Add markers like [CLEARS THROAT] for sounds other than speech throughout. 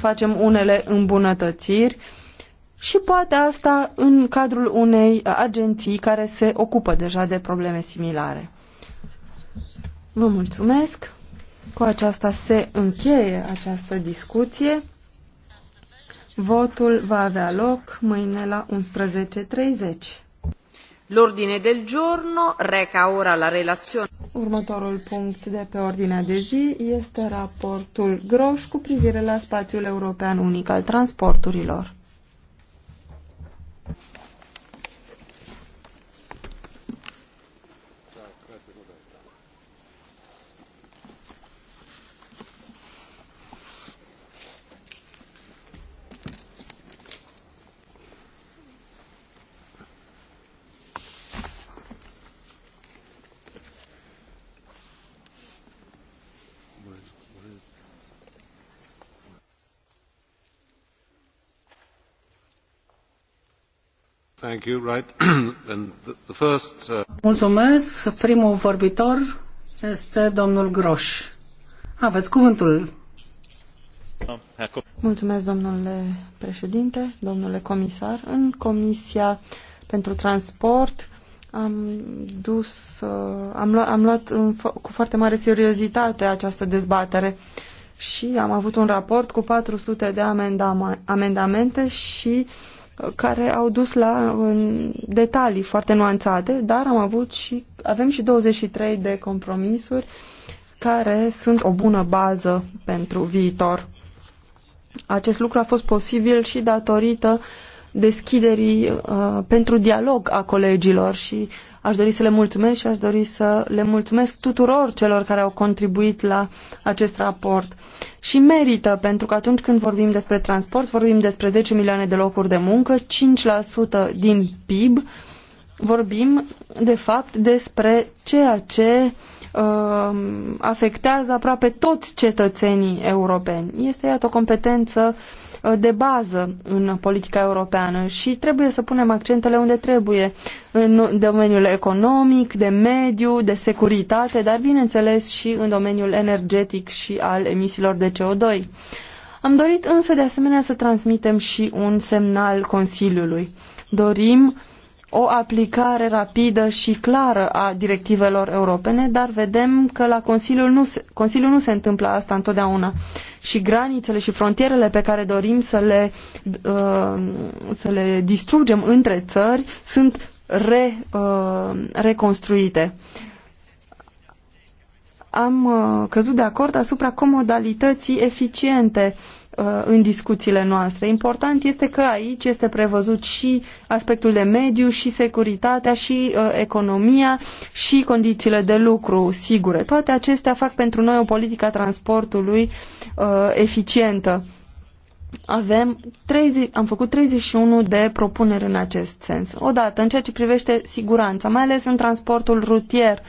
facem unele îmbunătățiri și poate asta în cadrul unei agenții care se ocupă deja de probleme similare. Vă mulțumesc! Cu aceasta se încheie această discuție. Votul va avea loc mâine la 11.30. L'ordine del giorno reca ora la relazione. Următorul punct de pe ordinea de zi este raportul Groș cu privire la spațiul european unic al transporturilor. [CLEARS THROAT] Uh, Mulțumesc. Primul vorbitor este domnul Groș. Aveți cuvântul. Mulțumesc, domnule președinte, domnule comisar. În Comisia pentru Transport am dus, uh, am, luat, am luat în, cu foarte mare seriozitate această dezbatere și am avut un raport cu 400 de amendamente și care au dus la detalii foarte nuanțate, dar am avut și, avem și 23 de compromisuri care sunt o bună bază pentru viitor. Acest lucru a fost posibil și datorită deschiderii uh, pentru dialog a colegilor și uh, Aș dori să le mulțumesc și aș dori să le mulțumesc tuturor celor care au contribuit la acest raport. Și merită, pentru că atunci când vorbim despre transport, vorbim despre 10 milioane de locuri de muncă, 5% din PIB, vorbim de fapt despre ceea ce uh, afectează aproape toți cetățenii europeni. Este, iată, o competență uh, Uh, de bază în politica europeană și trebuie să punem accentele unde trebuie, în domeniul economic, de mediu, de securitate, dar bineînțeles și în domeniul energetic și al emisiilor de CO2. Am dorit însă de asemenea să transmitem și un semnal Consiliului. Dorim o aplicare rapidă și clară a directivelor europene, dar vedem că la Consiliul nu se, Consiliul nu se întâmplă asta întotdeauna. Și granițele și frontierele pe care dorim să le, uh, să le distrugem între țări sunt re, uh, reconstruite. Am uh, căzut de acord asupra comodalității eficiente uh, Uh, în discuțiile noastre. Important este că aici este prevăzut și aspectul de mediu, și securitatea, și uh, economia, și condițiile de lucru sigure. Toate acestea fac pentru noi o politică a transportului uh, eficientă. Avem 30, am făcut 31 de propuneri în acest sens. Odată, în ceea ce privește siguranța, mai ales în transportul rutier,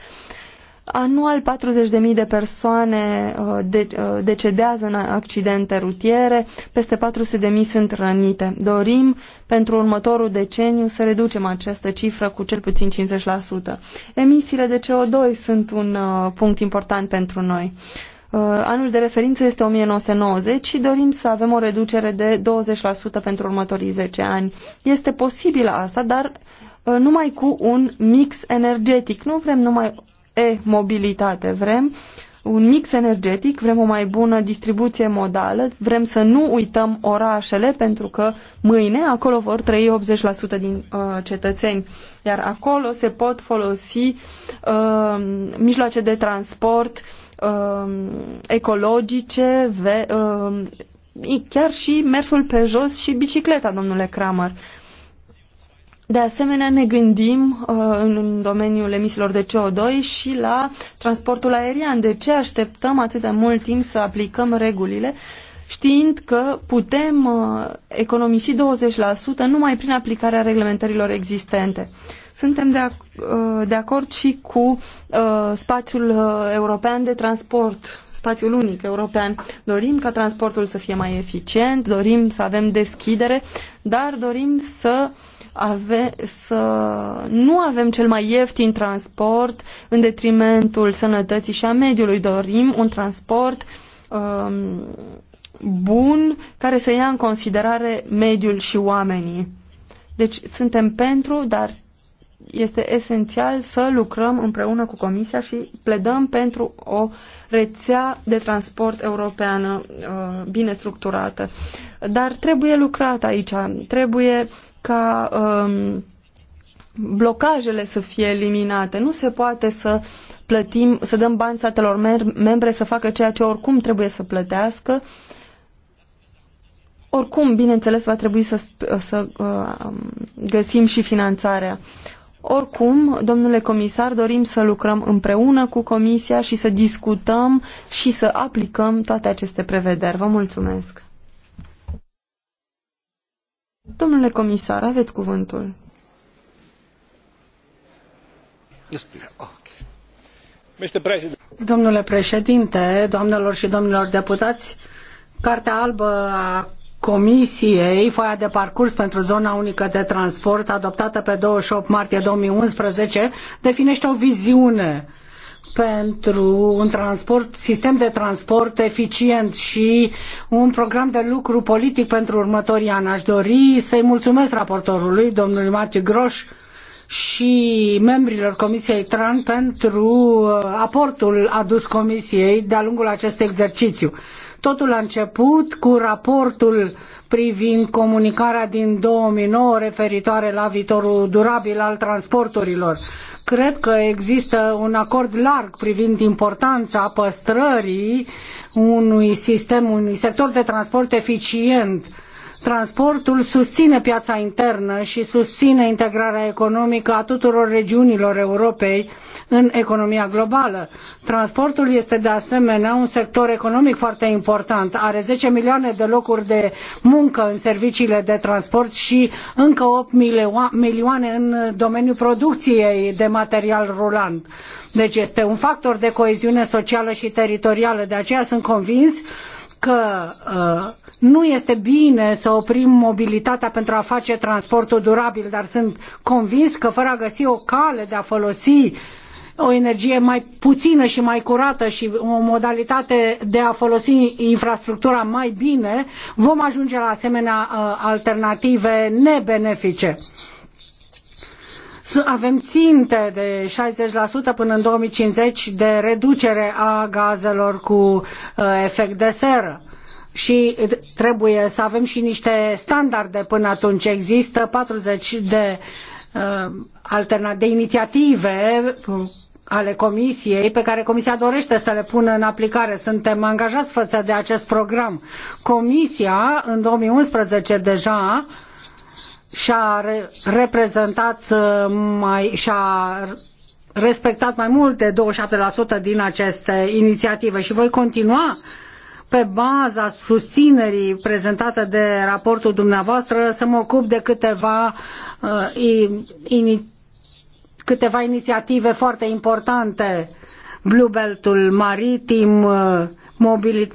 Anual 40.000 de persoane uh, de, uh, decedează în accidente rutiere, peste 400.000 sunt rănite. Dorim pentru următorul deceniu să reducem această cifră cu cel puțin 50%. Emisiile de CO2 sunt un uh, punct important pentru noi. Anul de referință este 1990 și dorim să avem o reducere de 20% pentru următorii 10 ani. Este posibil asta, dar numai cu un mix energetic. Nu vrem numai e-mobilitate. Vrem un mix energetic, vrem o mai bună distribuție modală, vrem să nu uităm orașele pentru că mâine acolo vor trăi 80% din uh, cetățeni, iar acolo se pot folosi uh, mijloace de transport uh, ecologice, ve, uh, chiar și mersul pe jos și bicicleta, domnule Kramer. Uh, de asemenea, ne gândim uh, în domeniul emisiilor de CO2 și la transportul aerian. De ce așteptăm atât de mult timp să aplicăm regulile știind că putem uh, economisi 20% numai prin aplicarea reglementărilor existente? Suntem de, ac- uh, de acord și cu spațiul european de transport, spațiul unic european. Dorim ca transportul să fie mai eficient, dorim să avem deschidere, dar dorim să uh, ave, să nu avem cel mai ieftin transport în detrimentul sănătății și a mediului. Dorim un transport um, bun care să ia în considerare mediul și oamenii. Deci suntem pentru, dar este esențial să lucrăm împreună cu Comisia și pledăm pentru o rețea de transport europeană uh, bine structurată. Dar trebuie lucrat aici, trebuie ca um, blocajele să fie eliminate. Nu se poate să plătim, să dăm bani statelor membre să facă ceea ce oricum trebuie să plătească. Oricum, bineînțeles, va trebui să, să uh, um, găsim și finanțarea. Oricum, domnule comisar, dorim să lucrăm împreună cu Comisia și să discutăm și să aplicăm toate aceste prevederi. Vă mulțumesc! Domnule comisar, aveți cuvântul. Domnule președinte, doamnelor și domnilor deputați, Cartea albă a Comisiei, foaia de parcurs pentru zona unică de transport, adoptată pe 28 martie 2011, definește o viziune pentru un transport, sistem de transport eficient și un program de lucru politic pentru următorii ani. Aș dori să-i mulțumesc raportorului, domnului Matiu Groș, și membrilor Comisiei TRAN pentru uh, aportul adus Comisiei de-a lungul acestui exercițiu. Totul a început cu raportul privind comunicarea din 2009 referitoare la viitorul durabil al transporturilor. Cred că există un acord larg privind importanța păstrării unui sistem, unui sector de transport eficient Transportul susține piața internă și susține integrarea economică a tuturor regiunilor Europei în economia globală. Transportul este de asemenea un sector economic foarte important. Are 10 milioane de locuri de muncă în serviciile de transport și încă 8 milioane în domeniul producției de material rulant. Deci este un factor de coeziune socială și teritorială. De aceea sunt convins că uh, nu este bine să oprim mobilitatea pentru a face transportul durabil, dar sunt convins că fără a găsi o cale de a folosi o energie mai puțină și mai curată și o modalitate de a folosi infrastructura mai bine, vom ajunge la asemenea uh, alternative nebenefice avem ținte de 60% până în 2050 de reducere a gazelor cu uh, efect de seră și trebuie să avem și niște standarde până atunci. Există 40 de, uh, de inițiative uh, ale Comisiei pe care Comisia dorește să le pună în aplicare. Suntem angajați față de acest program. Comisia în 2011 deja și-a reprezentat uh, mai, și-a respectat mai mult de 27% din aceste inițiative și voi continua pe baza susținerii prezentate de raportul dumneavoastră să mă ocup de câteva uh, câteva inițiative foarte importante Blue Beltul maritim, uh,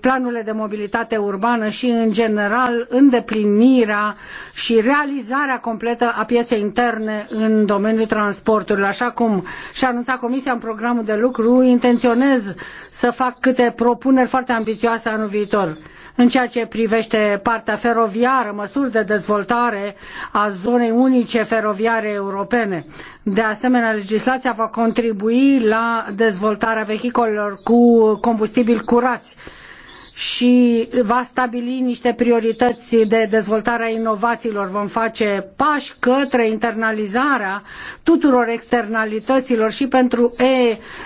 planurile de mobilitate urbană și, în general, îndeplinirea și realizarea completă a pieței interne în domeniul transporturilor. Așa cum și-a anunțat Comisia în programul de lucru, intenționez să fac câte propuneri foarte ambițioase anul viitor în ceea ce privește partea feroviară, măsuri de dezvoltare a zonei unice feroviare europene. De asemenea, legislația va contribui la dezvoltarea vehiculelor cu combustibili curați și va stabili niște priorități de dezvoltare a inovațiilor. Vom face pași către internalizarea tuturor externalităților și pentru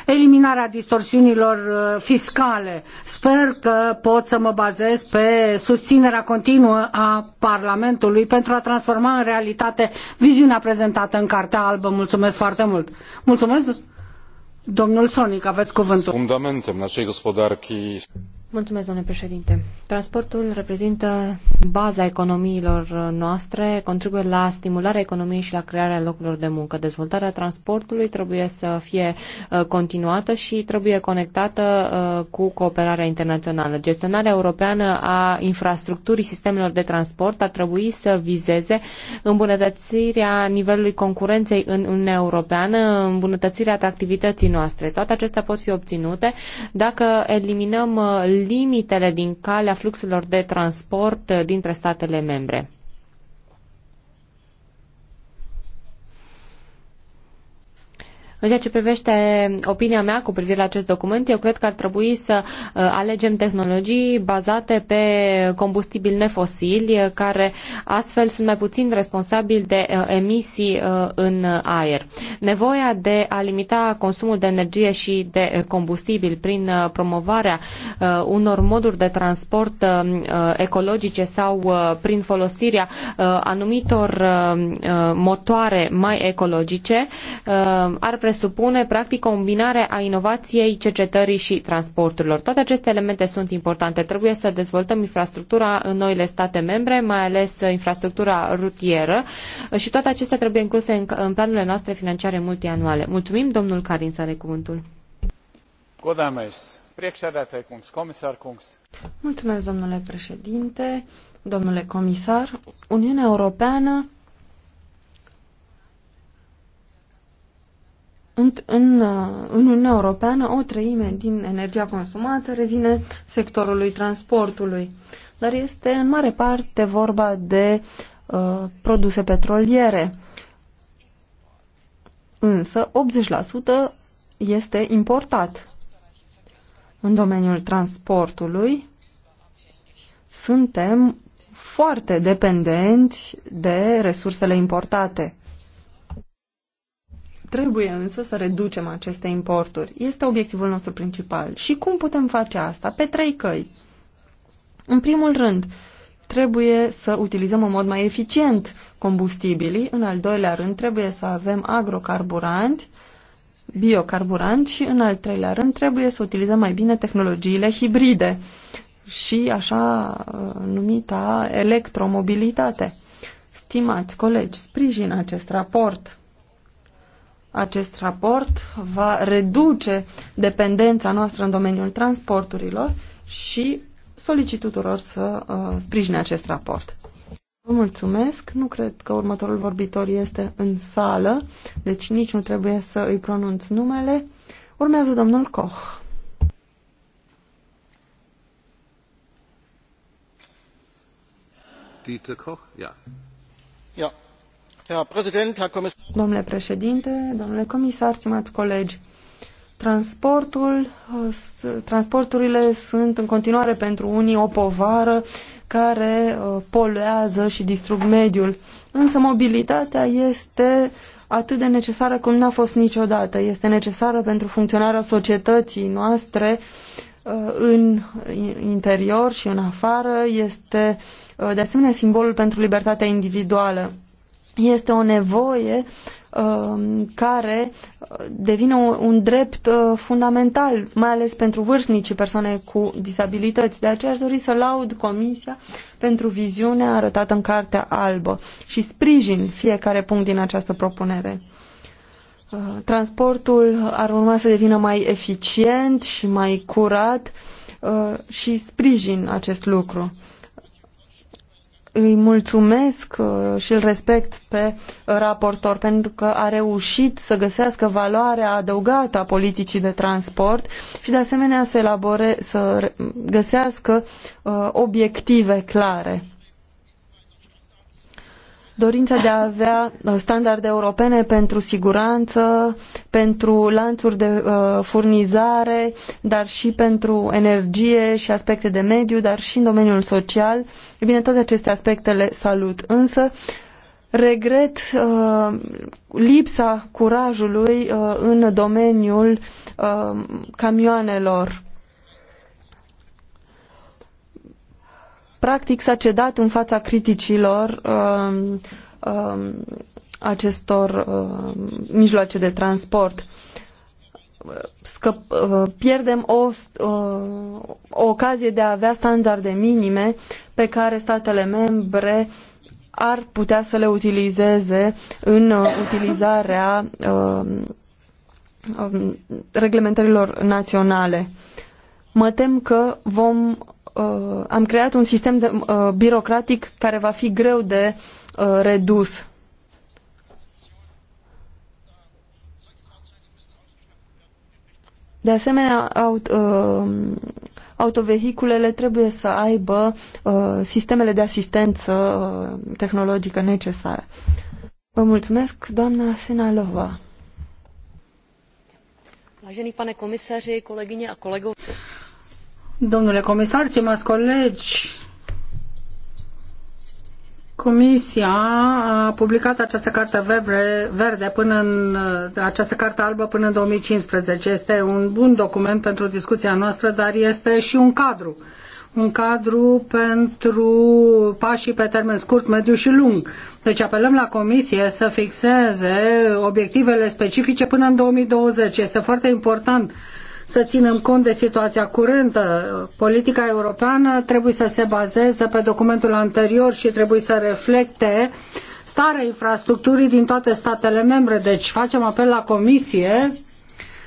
eliminarea distorsiunilor uh, fiscale. Sper că pot să mă bazez pe susținerea continuă a Parlamentului pentru a transforma în realitate viziunea prezentată în Cartea Albă. Mulțumesc foarte mult! Mulțumesc! Domnul Sonic, aveți cuvântul. Fundamentem naszej gospodarki Mulțumesc, domnule președinte. Transportul reprezintă baza economiilor noastre, contribuie la stimularea economiei și la crearea locurilor de muncă. Dezvoltarea transportului trebuie să fie uh, continuată și trebuie conectată uh, cu cooperarea internațională. Gestionarea europeană a infrastructurii sistemelor de transport ar trebui să vizeze îmbunătățirea nivelului concurenței în Uniunea Europeană, îmbunătățirea atractivității noastre. Toate acestea pot fi obținute dacă eliminăm uh, limitele din calea fluxurilor de transport dintre statele membre. În ceea ce privește opinia mea cu privire la acest document, eu cred că ar trebui să uh, alegem tehnologii bazate pe combustibili nefosili, uh, care astfel sunt mai puțin responsabili de uh, emisii în aer. Nevoia de a limita consumul de energie și de combustibil prin promovarea unor moduri de transport ecologice sau prin folosirea anumitor motoare mai ecologice ar presupune practic combinarea a inovației, cercetării și transporturilor. Toate aceste elemente sunt importante. Trebuie să dezvoltăm infrastructura în noile state membre, mai ales infrastructura rutieră și toate acestea trebuie incluse în, în planurile noastre financiare multianuale. Mulțumim, domnul Carin, să are cuvântul. Godamers, kungs, comisar Mulțumesc, domnule președinte, domnule comisar. Uniunea Europeană În, în, uh, în Uniunea Europeană, o treime din energia consumată revine sectorului transportului, dar este în mare parte vorba de uh, produse petroliere. Însă, 80% este importat. În domeniul transportului suntem foarte dependenți de resursele importate. Trebuie însă să reducem aceste importuri. Este obiectivul nostru principal. Și cum putem face asta? Pe trei căi. În primul rând, trebuie să utilizăm în mod mai eficient combustibilii. În al doilea rând, trebuie să avem agrocarburanți, biocarburanți și în al treilea rând, trebuie să utilizăm mai bine tehnologiile hibride și așa uh, numita electromobilitate. Stimați colegi, sprijin acest raport acest raport va reduce dependența noastră în domeniul transporturilor și solicit tuturor să uh, sprijine acest raport. Vă mulțumesc. Nu cred că următorul vorbitor este în sală, deci nici nu trebuie să îi pronunț numele. Urmează domnul Koch. Dieter Koch? Ja. Domnule președinte, domnule comisar, stimați colegi, transportul, transporturile sunt în continuare pentru unii o povară care uh, poluează și distrug mediul. Însă mobilitatea este atât de necesară cum n-a fost niciodată. Este necesară pentru funcționarea societății noastre uh, în interior și în afară. Este uh, de asemenea simbolul pentru libertatea individuală este o nevoie um, care uh, devine un drept uh, fundamental, mai ales pentru vârstnicii persoane cu disabilități. De aceea aș dori să laud Comisia pentru viziunea arătată în Cartea Albă și sprijin fiecare punct din această propunere. Uh, transportul ar urma să devină mai eficient și mai curat și sprijin acest lucru îi mulțumesc uh, și îl respect pe raportor pentru că a reușit să găsească valoarea adăugată a politicii de transport și de asemenea să, elabore, să găsească uh, obiective clare dorința de a avea uh, standarde europene pentru siguranță, pentru lanțuri de uh, furnizare, dar și pentru energie și aspecte de mediu, dar și în domeniul social. E bine, toate aceste aspecte le salut, însă regret uh, lipsa curajului uh, în domeniul uh, camioanelor Practic s-a cedat în fața criticilor um, um, acestor um, mijloace de transport. Scăp, uh, pierdem o, uh, o ocazie de a avea standarde minime pe care statele membre ar putea să le utilizeze în uh, utilizarea reglementărilor naționale. Mă tem că vom uh, am creat un sistem de, uh, birocratic care va fi greu de uh, redus. De asemenea, aut, uh, autovehiculele trebuie să aibă uh, sistemele de asistență uh, tehnologică necesare. Vă mulțumesc, doamna Senalova. Vážený pane komisaři, kolegyně a kolegové. Domnule comisar, stimați colegi, Comisia a publicat această carte verde până în această carte albă până în 2015. Este un bun document pentru discuția noastră, dar este și un cadru. Un cadru pentru pașii pe termen scurt, mediu și lung. Deci apelăm la Comisie să fixeze obiectivele specifice până în 2020. Este foarte important să ținem cont de situația curentă. Politica europeană trebuie să se bazeze pe documentul anterior și trebuie să reflecte starea infrastructurii din toate statele membre. Deci facem apel la Comisie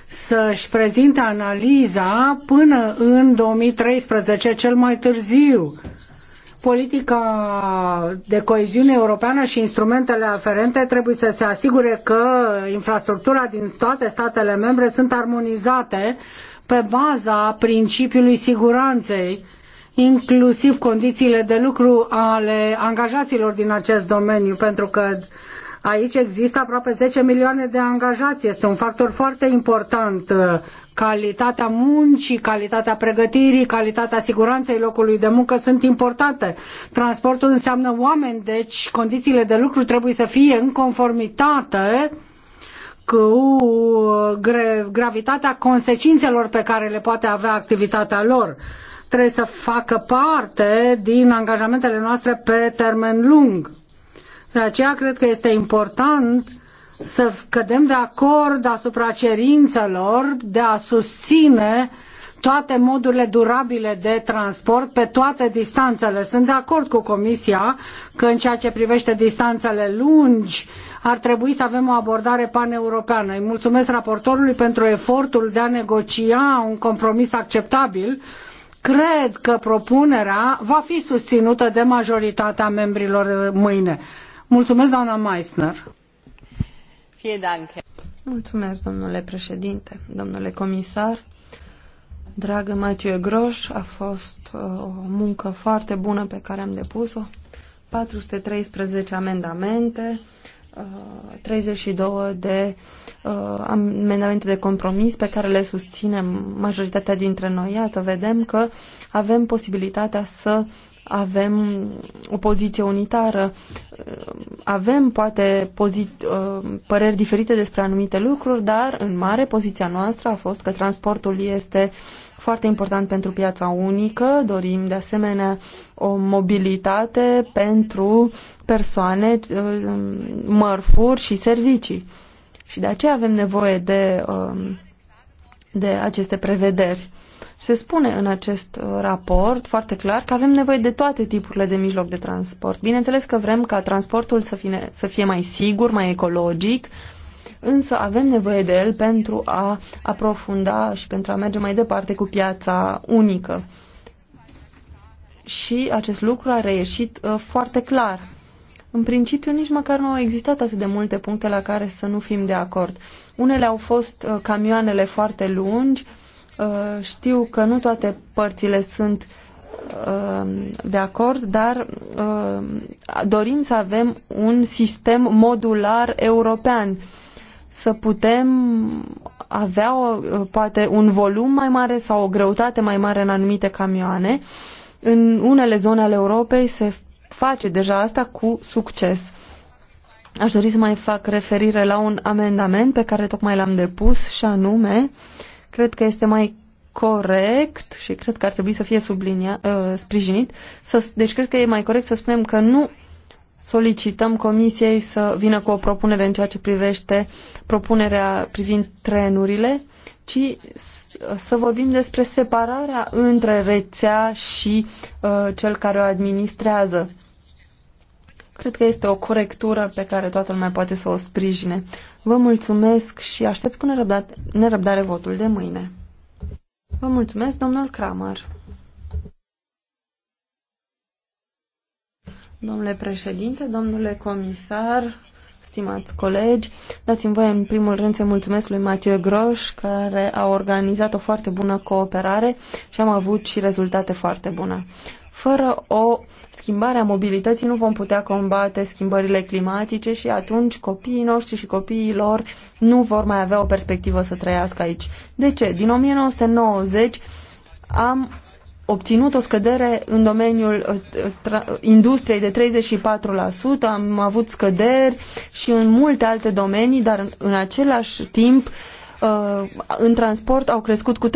să-și prezinte analiza până în 2013, cel mai târziu Politica de coeziune europeană și instrumentele aferente trebuie să se asigure că infrastructura din toate statele membre sunt armonizate pe baza principiului siguranței, inclusiv condițiile de lucru ale angajaților din acest domeniu, pentru că Aici există aproape 10 milioane de angajați. Este un factor foarte important. Uh, calitatea muncii, calitatea pregătirii, calitatea siguranței locului de muncă sunt importante. Transportul înseamnă oameni, deci condițiile de lucru trebuie să fie în conformitate cu uh, gravitatea consecințelor pe care le poate avea activitatea lor trebuie să facă parte din angajamentele noastre pe termen lung. De aceea cred că este important să cădem de acord asupra cerințelor de a susține toate modurile durabile de transport pe toate distanțele. Sunt de acord cu Comisia că în ceea ce privește distanțele lungi ar trebui să avem o abordare paneuropeană. Îi mulțumesc raportorului pentru efortul de a negocia un compromis acceptabil. Cred că propunerea va fi susținută de majoritatea membrilor mâine. Mulțumesc, doamna Meissner. Mulțumesc, domnule președinte, domnule comisar. Dragă Mathieu Groș, a fost uh, o muncă foarte bună pe care am depus-o. 413 amendamente, 32 uh, de uh, amendamente de compromis pe care le susținem majoritatea dintre noi. Iată, vedem că avem posibilitatea să avem o poziție unitară, avem poate pozi- uh, păreri diferite despre anumite lucruri, dar în mare poziția noastră a fost că transportul este foarte important pentru piața unică, dorim de asemenea o mobilitate pentru persoane, uh, mărfuri și servicii. Și de aceea avem nevoie de, um, de aceste prevederi. Se spune în acest uh, raport foarte clar că avem nevoie de toate tipurile de mijloc de transport. Bineînțeles că vrem ca transportul să fie, să fie mai sigur, mai ecologic, însă avem nevoie de el pentru a aprofunda și pentru a merge mai departe cu piața unică. Și acest lucru a reieșit uh, foarte clar. În principiu, nici măcar nu au existat atât de multe puncte la care să nu fim de acord. Unele au fost uh, camioanele foarte lungi, uh, Uh, știu că nu toate părțile sunt uh, de acord, dar uh, dorim să avem un sistem modular european, să putem avea poate un volum mai mare sau o greutate mai mare în anumite camioane. În unele zone ale Europei se face deja asta cu succes. Aș dori să mai fac referire la un amendament pe care tocmai l-am depus și anume uh, Cred că este mai corect și cred că ar trebui să fie subliniat, uh, sprijinit. Să, deci cred că e mai corect să spunem că nu solicităm comisiei să vină cu o propunere în ceea ce privește propunerea privind trenurile, ci să vorbim despre separarea între rețea și uh, cel care o administrează. Cred că este o corectură pe care toată lumea poate să o sprijine. Vă mulțumesc și aștept cu nerăbdare, votul de mâine. Vă mulțumesc, domnul Kramer. Domnule președinte, domnule comisar, stimați colegi, dați-mi voie în primul rând să mulțumesc lui Mathieu Groș, care a organizat o foarte bună cooperare și am avut și rezultate foarte bune. Fără o schimbare a mobilității nu vom putea combate schimbările climatice și atunci copiii noștri și copiii lor nu vor mai avea o perspectivă să trăiască aici. De ce? Din 1990 am obținut o scădere în domeniul uh, industriei de 34%, am avut scăderi și în multe alte domenii, dar în același timp Uh, în transport au crescut cu 30%.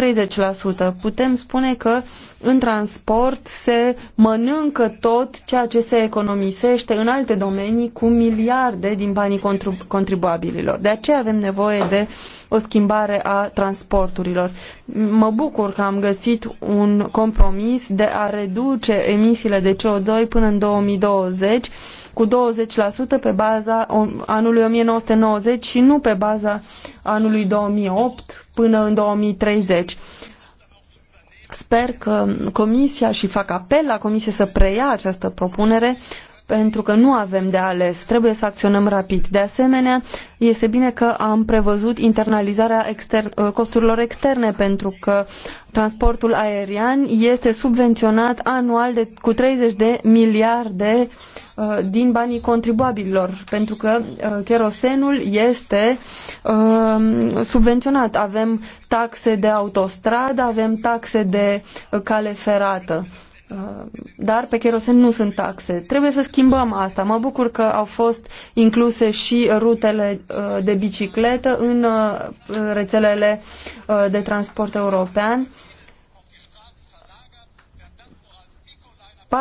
Putem spune că în transport se mănâncă tot ceea ce se economisește în alte domenii cu miliarde din banii contribuabililor. De aceea avem nevoie de o schimbare a transporturilor. Mă bucur că am găsit un compromis de a reduce emisiile de CO2 până în 2020 cu 20% pe baza anului 1990 și nu pe baza anului 2008 până în 2030. Sper că Comisia și fac apel la Comisie să preia această propunere pentru că nu avem de ales, trebuie să acționăm rapid. De asemenea, este bine că am prevăzut internalizarea exter- ă, costurilor externe, pentru că transportul aerian este subvenționat anual de, cu 30 de miliarde uh, Uh, din banii contribuabililor, pentru că cherosenul uh, este uh, subvenționat. Avem taxe de autostradă, avem taxe de cale ferată dar pe cherosen nu sunt taxe. Trebuie să schimbăm asta. Mă bucur că au fost incluse și rutele de bicicletă în rețelele de transport european 42%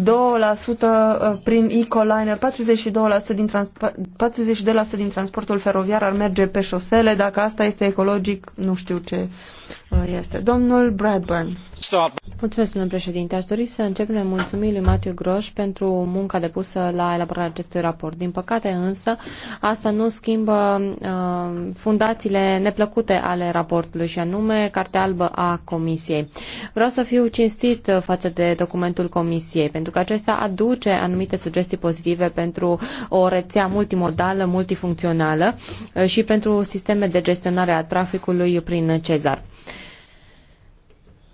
uh, prin ecoliner, 42% din, trans 42% din transportul feroviar ar merge pe șosele, dacă asta este ecologic, nu știu ce Uh, este. Domnul Bradburn. Stop. Mulțumesc, domnule președinte. Aș dori să încep ne mulțumim lui Matthew Groș pentru munca depusă la elaborarea acestui raport. Din păcate, însă, asta nu schimbă uh, fundațiile neplăcute ale raportului și anume Cartea Albă a Comisiei. Vreau să fiu cinstit față de documentul Comisiei, pentru că acesta aduce anumite sugestii pozitive pentru o rețea multimodală, multifuncțională uh, și pentru sisteme de gestionare a traficului prin Cezar.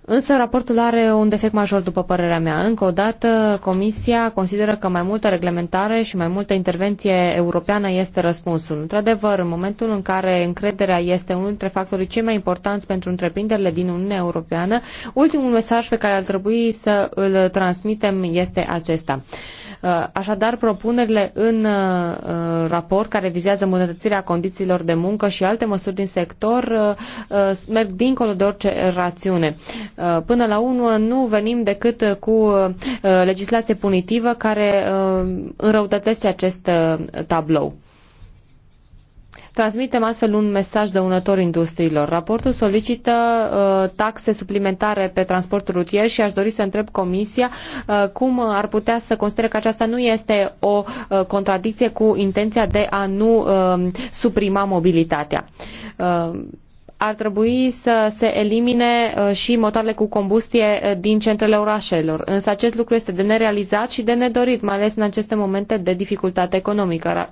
Însă raportul are un defect major, după părerea mea. Încă o dată, Comisia consideră că mai multă reglementare și mai multă intervenție europeană este răspunsul. Într-adevăr, în momentul în care încrederea este unul dintre factorii cei mai importanți pentru întreprinderile din Uniunea Europeană, ultimul mesaj pe care ar trebui să îl transmitem este acesta. Uh, așadar, propunerile în uh, uh, raport care vizează îmbunătățirea condițiilor de muncă și alte măsuri din sector merg dincolo de orice rațiune. Până la urmă, nu venim decât cu legislație punitivă care înrăutățește acest tablou. Transmitem astfel un mesaj dăunător industriilor. Raportul solicită uh, taxe suplimentare pe transportul rutier și aș dori să întreb Comisia uh, cum ar putea să considere că aceasta nu este o uh, contradicție cu intenția de a nu uh, suprima mobilitatea. Uh, ar trebui să se elimine uh, și motoarele cu combustie uh, din centrele orașelor. Însă acest lucru este de nerealizat și de nedorit, mai ales în aceste momente de dificultate economică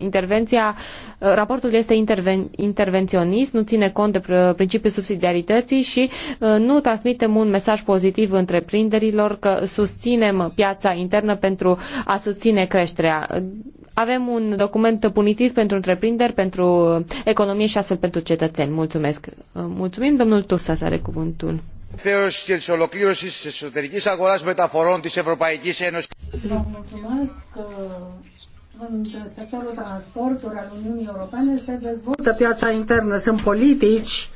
intervenția, uh, raportul este interven, intervenționist, nu ține cont de principiul subsidiarității și uh, nu transmitem un mesaj pozitiv întreprinderilor că susținem piața internă pentru a susține creșterea. Avem un document punitiv pentru întreprinderi, pentru economie și astfel pentru cetățeni. Mulțumesc. Uh, mulțumim, domnul Tusa, să are cuvântul. Θεώρηση και τη ολοκλήρωση τη εσωτερική μεταφορών τη Ευρωπαϊκή Ένωση. Vă mulțumesc sectorul transportului al Uniunii Europene se dezvoltă piața internă. Sunt politici,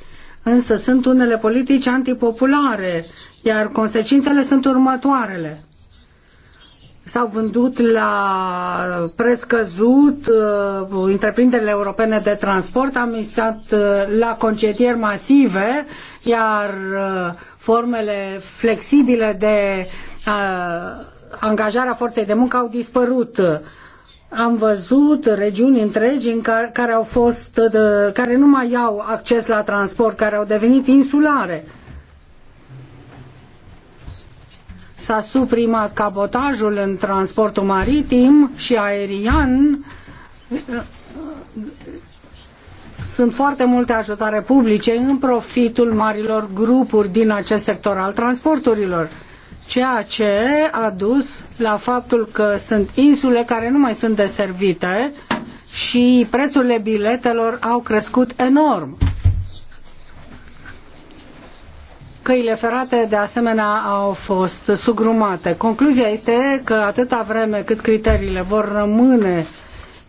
însă sunt unele politici antipopulare, iar consecințele sunt următoarele. S-au vândut la preț căzut uh, întreprinderile europene de transport, am instat uh, la concedieri masive, iar uh, formele flexibile de angajare a forței de muncă au dispărut am văzut regiuni întregi în care, care au fost, care nu mai au acces la transport, care au devenit insulare. S-a suprimat cabotajul în transportul maritim și aerian. Sunt foarte multe ajutare publice în profitul marilor grupuri din acest sector al transporturilor ceea ce a dus la faptul că sunt insule care nu mai sunt deservite și prețurile biletelor au crescut enorm. Căile ferate, de asemenea, au fost sugrumate. Concluzia este că atâta vreme cât criteriile vor rămâne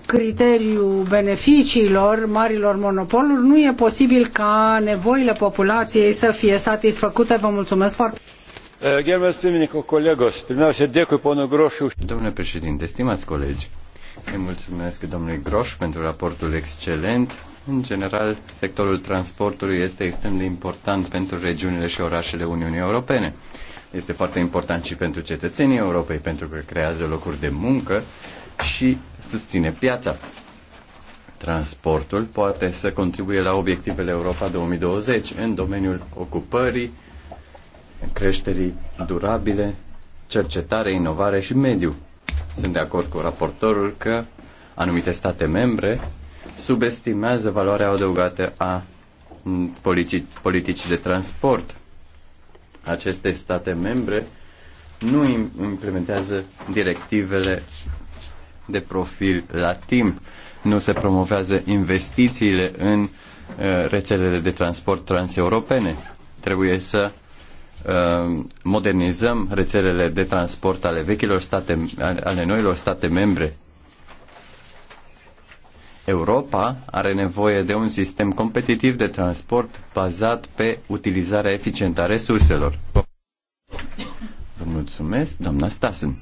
criteriul beneficiilor marilor monopoluri, nu e posibil ca nevoile populației să fie satisfăcute. Vă mulțumesc foarte mult! Domnule președinte, stimați colegi, îi mulțumesc domnului Groș pentru raportul excelent. În general, sectorul transportului este extrem de important pentru regiunile și orașele Uniunii Europene. Este foarte important și pentru cetățenii Europei, pentru că creează locuri de muncă și susține piața. Transportul poate să contribuie la obiectivele Europa 2020 în domeniul ocupării, creșterii durabile, cercetare, inovare și mediu. Sunt de acord cu raportorul că anumite state membre subestimează valoarea adăugată a politicii de transport. Aceste state membre nu implementează directivele de profil la timp, nu se promovează investițiile în uh, rețelele de transport transeuropene. Trebuie să Uh, modernizăm rețelele de transport ale vechilor state, ale noilor state membre. Europa are nevoie de un sistem competitiv de transport bazat pe utilizarea eficientă a resurselor. Vă mulțumesc, doamna Stassen.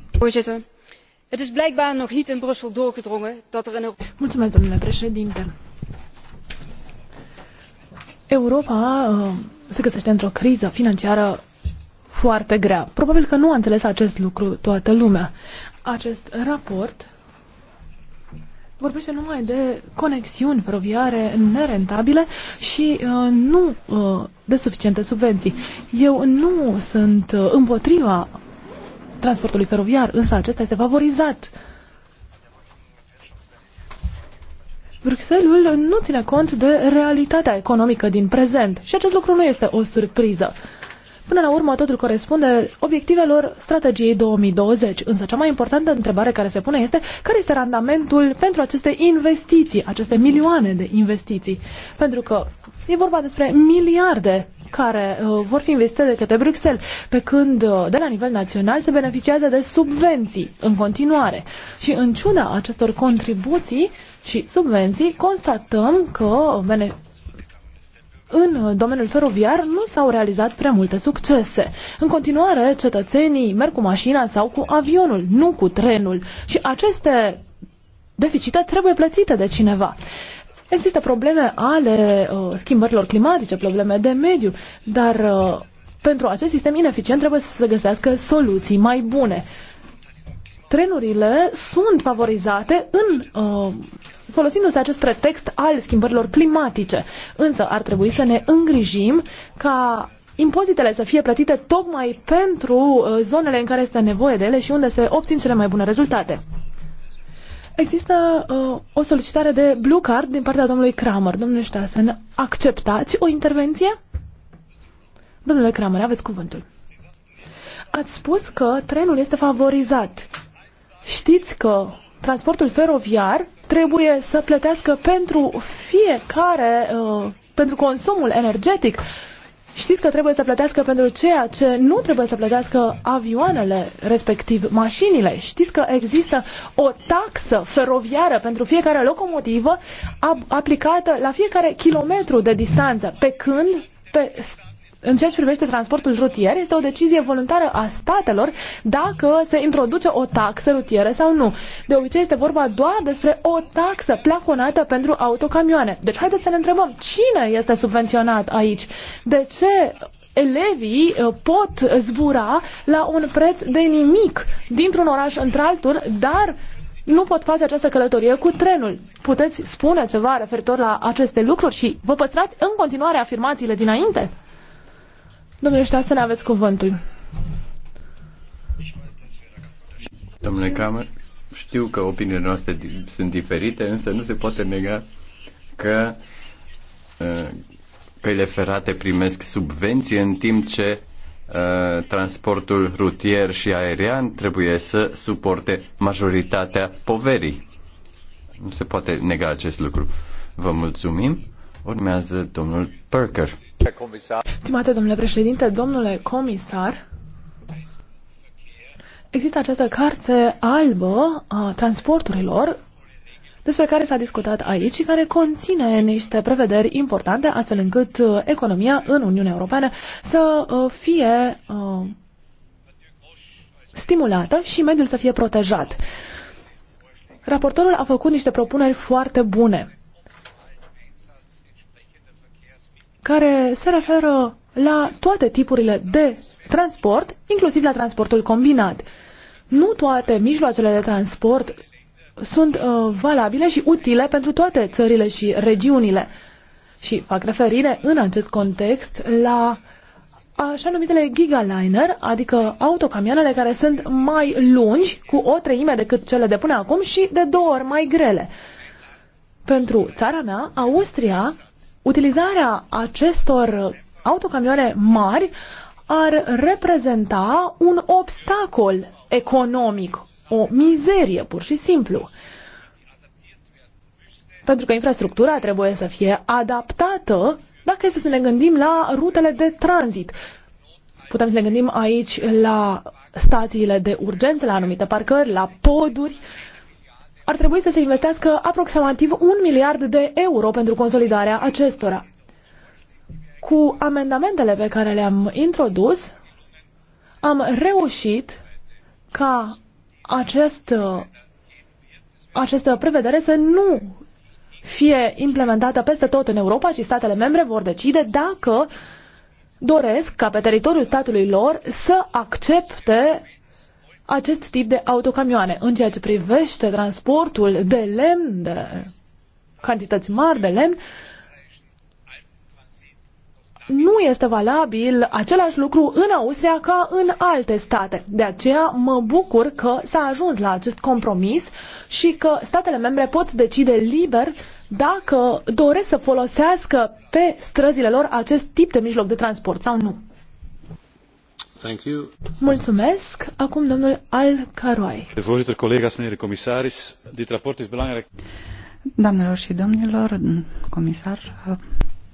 het is blijkbaar nog niet in Brussel doorgedrongen dat er in Europa... Mulțumesc, domnule președinte. Europa uh, se găsește într-o criză financiară foarte grea. Probabil că nu a înțeles acest lucru toată lumea. Acest raport vorbește numai de conexiuni feroviare nerentabile și uh, nu uh, de suficiente subvenții. Eu nu sunt uh, împotriva transportului feroviar, însă acesta este favorizat. Bruxelles nu ține cont de realitatea economică din prezent și acest lucru nu este o surpriză. Până la urmă, totul corespunde obiectivelor strategiei 2020. Însă cea mai importantă întrebare care se pune este care este randamentul pentru aceste investiții, aceste milioane de investiții. Pentru că e vorba despre miliarde care uh, vor fi investite de către Bruxelles, pe când uh, de la nivel național se beneficiază de subvenții în continuare. Și în ciuda acestor contribuții și subvenții, constatăm că bene- în domeniul feroviar nu s-au realizat prea multe succese. În continuare, cetățenii merg cu mașina sau cu avionul, nu cu trenul și aceste deficite trebuie plătite de cineva. Există probleme ale uh, schimbărilor climatice, probleme de mediu, dar uh, pentru acest sistem ineficient trebuie să se găsească soluții mai bune. Trenurile sunt favorizate în uh, folosindu-se acest pretext al schimbărilor climatice. Însă ar trebui să ne îngrijim ca impozitele să fie plătite tocmai pentru uh, zonele în care este nevoie de ele și unde se obțin cele mai bune rezultate. Există uh, o solicitare de blue card din partea domnului Kramer. Domnule Ștasen, acceptați o intervenție? Domnule Kramer, aveți cuvântul. Ați spus că trenul este favorizat. Știți că transportul feroviar trebuie să plătească pentru fiecare, uh, pentru consumul energetic. Știți că trebuie să plătească pentru ceea ce nu trebuie să plătească avioanele, respectiv mașinile. Știți că există o taxă feroviară pentru fiecare locomotivă aplicată la fiecare kilometru de distanță, pe când pe în ceea ce privește transportul rutier, este o decizie voluntară a statelor dacă se introduce o taxă rutieră sau nu. De obicei este vorba doar despre o taxă plafonată pentru autocamioane. Deci haideți să ne întrebăm cine este subvenționat aici? De ce elevii uh, pot zbura la un preț de nimic dintr-un oraș într-altul, dar nu pot face această călătorie cu trenul. Puteți spune ceva referitor la aceste lucruri și vă păstrați în continuare afirmațiile dinainte? Domnule Ștasen, aveți cuvântul. Domnule Kramer, știu că opiniile noastre sunt diferite, însă nu se poate nega că uh, căile ferate primesc subvenții în timp ce uh, transportul rutier și aerian trebuie să suporte majoritatea poverii. Nu se poate nega acest lucru. Vă mulțumim. Urmează domnul Perker. Stimate domnule președinte, domnule comisar, există această carte albă a transporturilor despre care s-a discutat aici și care conține niște prevederi importante astfel încât uh, economia în Uniunea Europeană să uh, fie uh, stimulată și mediul să fie protejat. Raportorul a făcut niște propuneri foarte bune. care se referă la toate tipurile de transport, inclusiv la transportul combinat. Nu toate mijloacele de transport sunt uh, valabile și utile pentru toate țările și regiunile. Și fac referire în acest context la așa numitele gigaliner, adică autocamioanele care sunt mai lungi, cu o treime decât cele de până acum și de două ori mai grele. Pentru țara mea, Austria, utilizarea acestor autocamioane mari ar reprezenta un obstacol economic, o mizerie pur și simplu. Pentru că infrastructura trebuie să fie adaptată dacă este să ne gândim la rutele de tranzit. Putem să ne gândim aici la stațiile de urgență, la anumite parcări, la poduri, uh, ar trebui să se investească aproximativ un miliard de euro pentru consolidarea acestora. Cu amendamentele pe care le-am introdus, am reușit ca acest, această prevedere să nu fie implementată peste tot în Europa, ci statele membre vor decide dacă doresc ca pe teritoriul statului lor să accepte acest tip de autocamioane. În ceea ce privește transportul de lemn, de cantități mari de lemn, nu este valabil același lucru în Austria ca în alte state. De aceea mă bucur că s-a ajuns la acest compromis și că statele membre pot decide liber dacă doresc să folosească pe străzile lor acest tip de mijloc de transport sau nu. Mulțumesc. Acum domnul Al Karoai. Voorzitter, collega's, meneer de commissaris, dit rapport is belangrijk. Doamnelor și domnilor, comisar,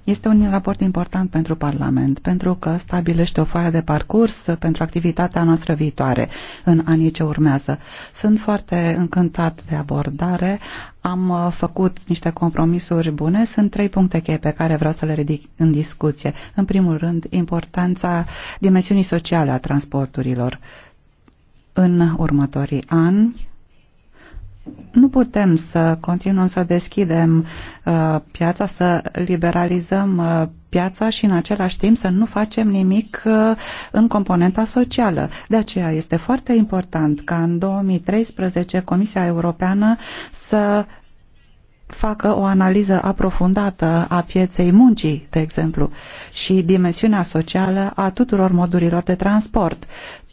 este un raport important pentru Parlament, pentru că stabilește o foaie de parcurs pentru activitatea noastră viitoare în anii ce urmează. Sunt foarte încântat de abordare, am uh, făcut niște compromisuri bune, sunt trei puncte cheie pe care vreau să le ridic în discuție. În primul rând, importanța dimensiunii sociale a transporturilor. În următorii ani, nu putem să continuăm să deschidem uh, piața, să liberalizăm uh, piața și în același timp să nu facem nimic uh, în componenta socială. De aceea este foarte important ca în 2013 Comisia Europeană să facă o analiză aprofundată a pieței muncii, de exemplu, și dimensiunea socială a tuturor modurilor de transport,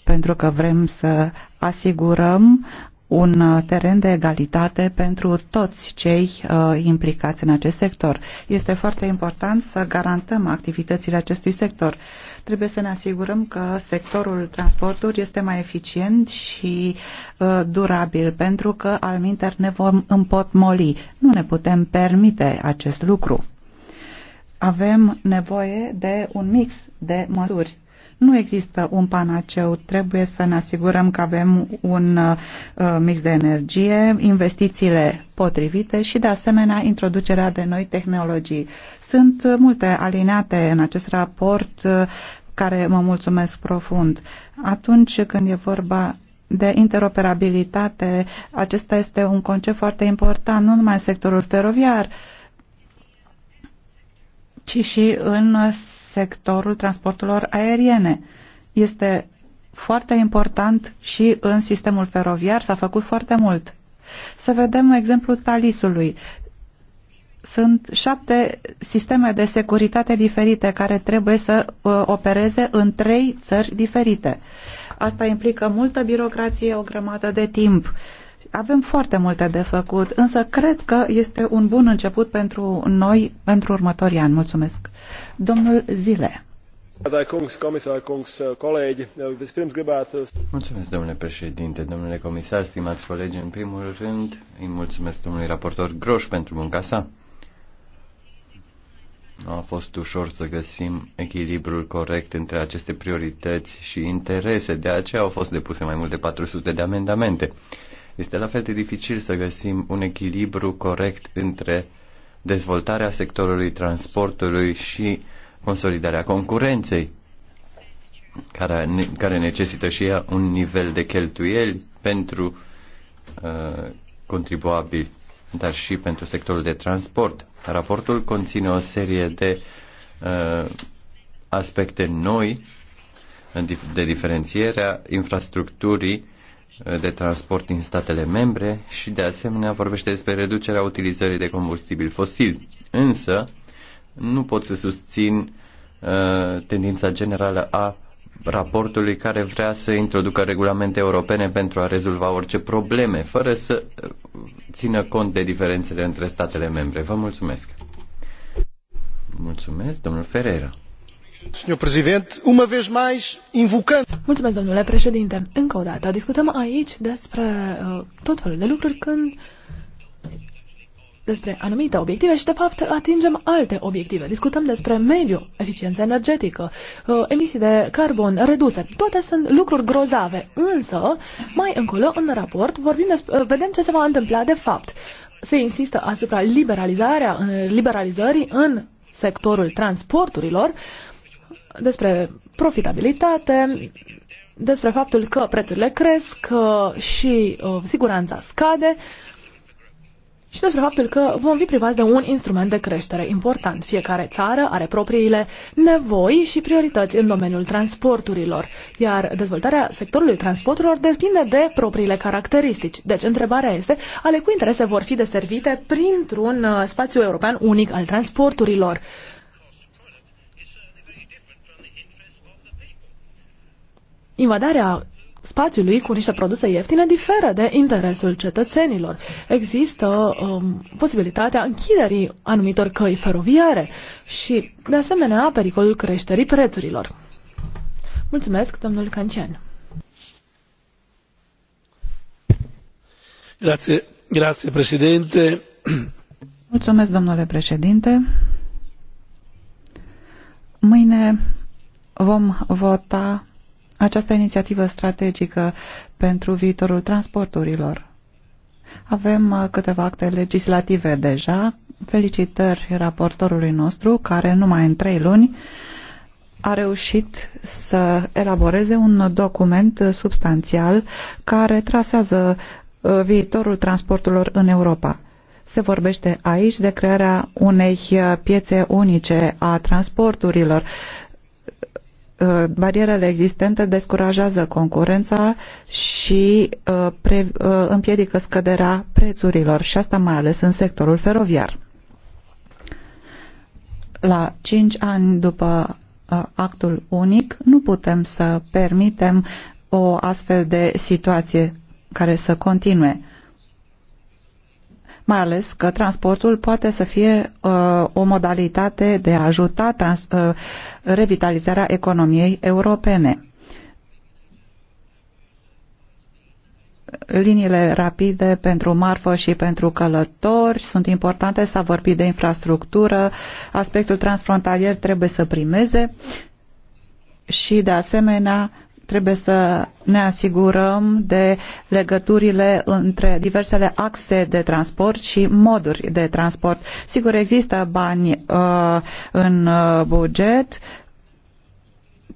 pentru că vrem să asigurăm un uh, teren de egalitate pentru toți cei uh, implicați în acest sector. Este foarte important să garantăm activitățile acestui sector. Trebuie să ne asigurăm că sectorul transporturi este mai eficient și uh, durabil, pentru că al minter ne vom împotmoli. Nu ne putem permite acest lucru. Avem nevoie de un mix de măsuri nu există un panaceu, trebuie să ne asigurăm că avem un uh, mix de energie, investițiile potrivite și, de asemenea, introducerea de noi tehnologii. Sunt uh, multe alineate în acest raport uh, care mă mulțumesc profund. Atunci când e vorba de interoperabilitate, acesta este un concept foarte important, nu numai în sectorul feroviar, uh, ci și în sectorul transporturilor aeriene. Este foarte important și în sistemul feroviar s-a făcut foarte mult. Să vedem exemplul Talisului. Sunt șapte sisteme de securitate diferite care trebuie să uh, opereze în trei țări diferite. Asta implică multă birocrație, o grămadă de timp avem foarte multe de făcut, însă cred că este un bun început pentru noi pentru următorii ani. Mulțumesc. Domnul Zile. Mulțumesc, domnule președinte, domnule comisar, stimați colegi. În primul rând, îi mulțumesc domnului raportor Groș pentru munca sa. Nu a fost ușor să găsim echilibrul corect între aceste priorități și interese, de aceea au fost depuse mai mult de 400 de amendamente. Este la fel de dificil să găsim un echilibru corect între dezvoltarea sectorului transportului și consolidarea concurenței, care, care necesită și ea un nivel de cheltuieli pentru uh, contribuabili, dar și pentru sectorul de transport. Raportul conține o serie de uh, aspecte noi uh, de diferențierea infrastructurii de transport din statele membre și de asemenea vorbește despre reducerea utilizării de combustibil fosil. Însă, nu pot să susțin uh, tendința generală a raportului care vrea să introducă regulamente europene pentru a rezolva orice probleme, fără să uh, țină cont de diferențele între statele membre. Vă mulțumesc. Mulțumesc, domnul Ferreira. Senhor Presidente, uma vez mais, invocando Mulțumesc, domnule președinte. Încă o dată, discutăm aici despre uh, tot felul de lucruri când despre anumite obiective și, de fapt, atingem alte obiective. Discutăm despre mediu, eficiență energetică, uh, emisii de carbon reduse. Toate sunt lucruri grozave, însă, mai încolo, în raport, vorbim despre, uh, vedem ce se va întâmpla de fapt. Se insistă asupra liberalizarea, uh, liberalizării în sectorul transporturilor, despre profitabilitate, despre faptul că prețurile cresc uh, și uh, siguranța scade și despre faptul că vom fi privați de un instrument de creștere important. Fiecare țară are propriile nevoi și priorități în domeniul transporturilor, iar dezvoltarea sectorului transporturilor depinde de propriile caracteristici. Deci, întrebarea este, ale cui interese vor fi deservite printr-un uh, spațiu european unic al transporturilor? invadarea spațiului cu niște produse ieftine diferă de interesul cetățenilor. Există um, posibilitatea închiderii anumitor căi feroviare și, de asemenea, pericolul creșterii prețurilor. Mulțumesc, domnul Cancian. Grazie, grazie, președinte. Mulțumesc, domnule președinte. Mâine vom vota această inițiativă strategică pentru viitorul transporturilor. Avem uh, câteva acte legislative deja. Felicitări raportorului nostru, care numai în trei luni a reușit să elaboreze un document substanțial care trasează uh, viitorul transporturilor în Europa. Se vorbește aici de crearea unei uh, piețe unice a transporturilor, Uh, barierele existente descurajează concurența și uh, pre, uh, împiedică scăderea prețurilor și asta mai ales în sectorul feroviar. La 5 ani după actul unic nu putem să permitem o astfel de situație care să continue mai ales că transportul poate să fie uh, o modalitate de a ajuta trans, uh, revitalizarea economiei europene. Liniile rapide pentru marfă și pentru călători sunt importante, s-a vorbit de infrastructură, aspectul transfrontalier trebuie să primeze și, de asemenea, Trebuie să ne asigurăm de legăturile între diversele axe de transport și moduri de transport. Sigur, există bani uh, în uh, buget,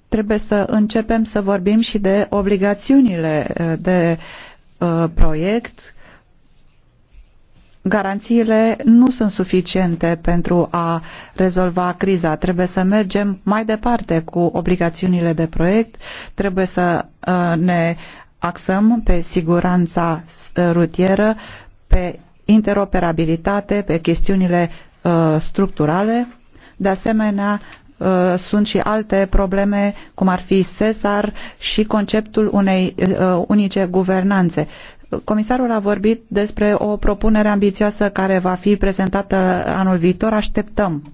trebuie să începem să vorbim și de obligațiunile uh, de uh, proiect garanțiile nu sunt suficiente pentru a rezolva criza. Trebuie să mergem mai departe cu obligațiunile de proiect, trebuie să uh, ne axăm pe siguranța uh, rutieră, pe interoperabilitate, pe chestiunile uh, structurale. De asemenea, sunt și alte probleme, cum ar fi SESAR și conceptul unei unice guvernanțe. Comisarul a vorbit despre o propunere ambițioasă care va fi prezentată anul viitor. Așteptăm.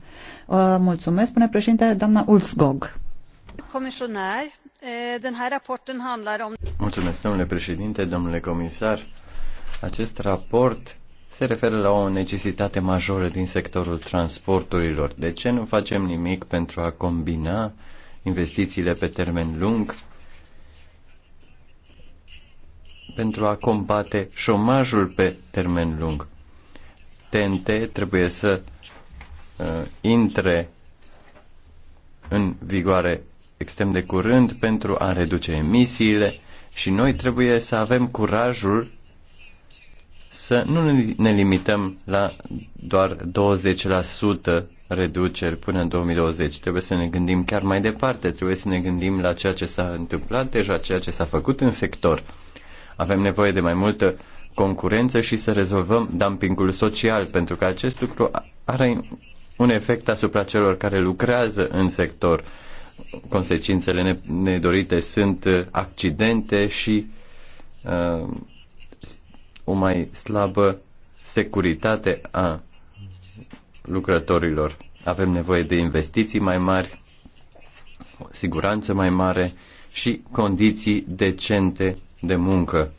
Mulțumesc, spune președintele, doamna Ulfsgog. Comisionar, den handlar om... Mulțumesc, domnule președinte, domnule comisar. Acest raport se referă la o necesitate majoră din sectorul transporturilor. De ce nu facem nimic pentru a combina investițiile pe termen lung pentru a combate șomajul pe termen lung. TNT trebuie să uh, intre în vigoare extrem de curând pentru a reduce emisiile și noi trebuie să avem curajul să nu ne limităm la doar 20% reduceri până în 2020. Trebuie să ne gândim chiar mai departe, trebuie să ne gândim la ceea ce s-a întâmplat deja, ceea ce s-a făcut în sector avem nevoie de mai multă concurență și să rezolvăm dumpingul social, pentru că acest lucru are un efect asupra celor care lucrează în sector. Consecințele nedorite sunt uh, accidente și uh, o mai slabă securitate a lucrătorilor. Avem nevoie de investiții mai mari, o siguranță mai mare și condiții decente de muncă.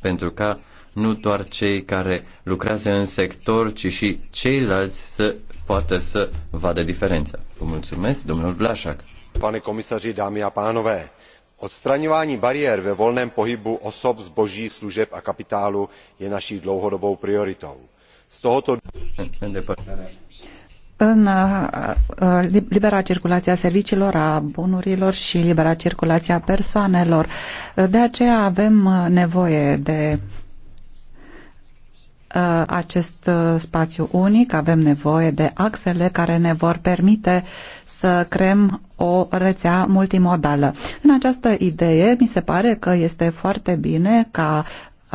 Pentru ca nu doar cei care lucrează în sector, ci și ceilalți să poată să vadă diferența. Vă mulțumesc, domnul Vlașac. Pane komisaři, dámy a pánové, odstraňování bariér ve volném pohybu osob, zboží, služeb a kapitálu je naší dlouhodobou prioritou. Z tohoto... Îndepărtarea în uh, uh, libera circulație a serviciilor, a bunurilor și libera circulație a persoanelor. De aceea avem uh, nevoie de acest spațiu unic, avem nevoie de axele care ne vor permite să creăm o rețea multimodală. În această idee, mi se pare că este foarte bine ca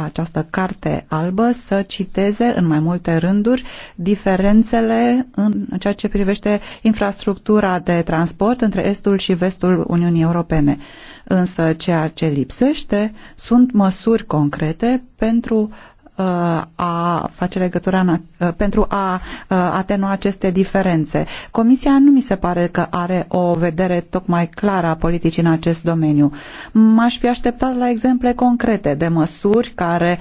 această carte albă să citeze în mai multe rânduri diferențele în ceea ce privește infrastructura de transport între estul și vestul Uniunii Europene. Însă ceea ce lipsește sunt măsuri concrete pentru Uh, a face legătura în, uh, pentru a uh, atenua aceste diferențe. Comisia nu mi se pare că are o vedere tocmai clară a politicii în acest domeniu. M-aș fi așteptat la exemple concrete de măsuri care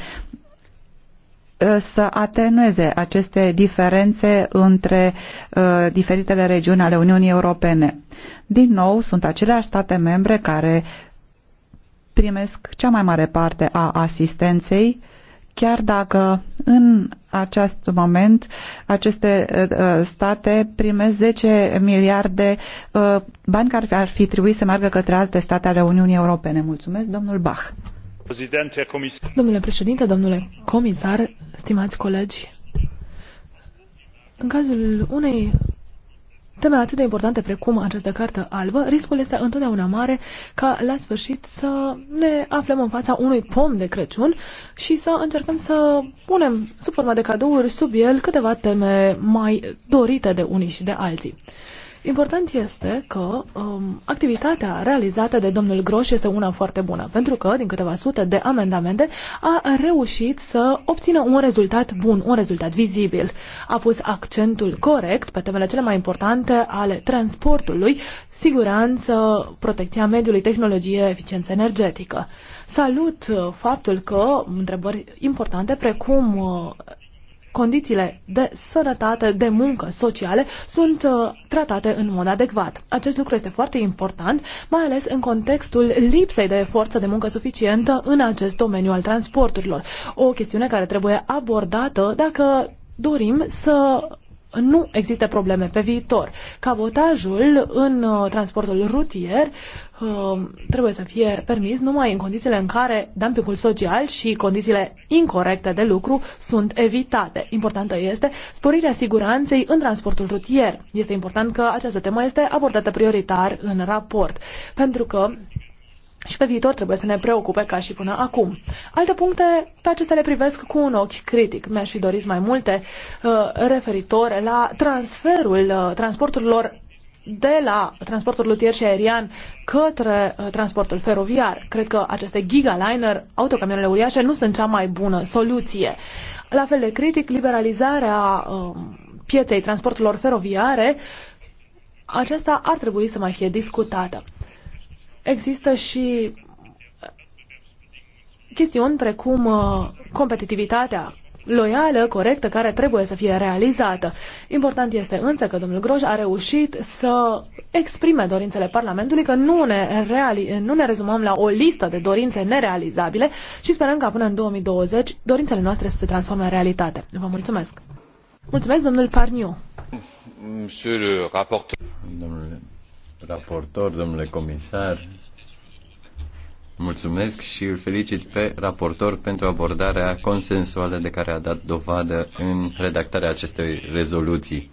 să atenueze aceste diferențe între uh, diferitele regiuni ale Uniunii Europene. Din nou, sunt aceleași state membre care primesc cea mai mare parte a asistenței uh, chiar dacă în acest moment aceste uh, state primesc 10 miliarde uh, bani care ar fi trebuit să meargă către alte state ale Uniunii Europene. Mulțumesc, domnul Bach. Domnule președinte, domnule comisar, stimați colegi, în cazul unei teme atât de importante precum această carte albă, riscul este întotdeauna mare ca la sfârșit să ne aflăm în fața unui pom de Crăciun și să încercăm să punem sub forma de cadouri sub el câteva teme mai dorite de unii și de alții. Important este că um, activitatea realizată de domnul Groș este una foarte bună, pentru că, din câteva sute de amendamente, a reușit să obțină un rezultat bun, un rezultat vizibil. A pus accentul corect pe temele cele mai importante ale transportului, siguranță, protecția mediului, tehnologie, eficiență energetică. Salut uh, faptul că întrebări importante precum uh, condițiile de sănătate, de muncă sociale sunt uh, tratate în mod adecvat. Acest lucru este foarte important, mai ales în contextul lipsei de forță de muncă suficientă în acest domeniu al transporturilor. O chestiune care trebuie abordată dacă dorim să nu există probleme pe viitor. Cabotajul în uh, transportul rutier uh, trebuie să fie permis numai în condițiile în care dumpingul social și condițiile incorrecte de lucru sunt evitate. Importantă este sporirea siguranței în transportul rutier. Este important că această temă este abordată prioritar în raport, pentru că și pe viitor trebuie să ne preocupe ca și până acum. Alte puncte, pe acestea le privesc cu un ochi critic. Mi-aș fi dorit mai multe uh, referitor la transferul uh, transporturilor de la transportul lutier și aerian către uh, transportul feroviar. Cred că aceste gigaliner, autocamioanele uriașe, nu sunt cea mai bună soluție. La fel de critic, liberalizarea uh, pieței transporturilor feroviare, aceasta ar trebui să mai fie discutată. Există și uh, chestiuni precum uh, competitivitatea loială, corectă, care trebuie să fie realizată. Important este însă că domnul Groș a reușit să exprime dorințele Parlamentului, că nu ne, reali- nu ne rezumăm la o listă de dorințe nerealizabile și sperăm ca până în 2020 dorințele noastre să se transforme în realitate. Vă mulțumesc! Mulțumesc, domnul Parniu! Domnule raportor, domnule comisar, mulțumesc și îl felicit pe raportor pentru abordarea consensuală de care a dat dovadă în redactarea acestei rezoluții.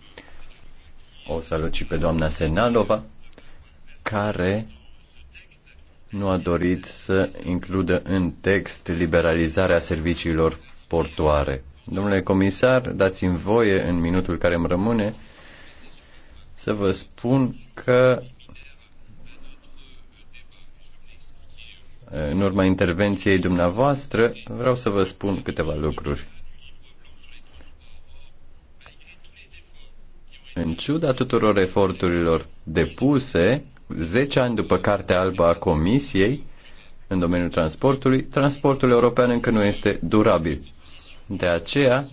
O salut și pe doamna Senalova, care nu a dorit să includă în text liberalizarea serviciilor portoare. Domnule comisar, dați-mi voie în minutul care îmi rămâne să vă spun că În urma intervenției dumneavoastră, vreau să vă spun câteva lucruri. În ciuda tuturor eforturilor depuse, 10 ani după Cartea Albă a Comisiei, în domeniul transportului, transportul european încă nu este durabil. De aceea,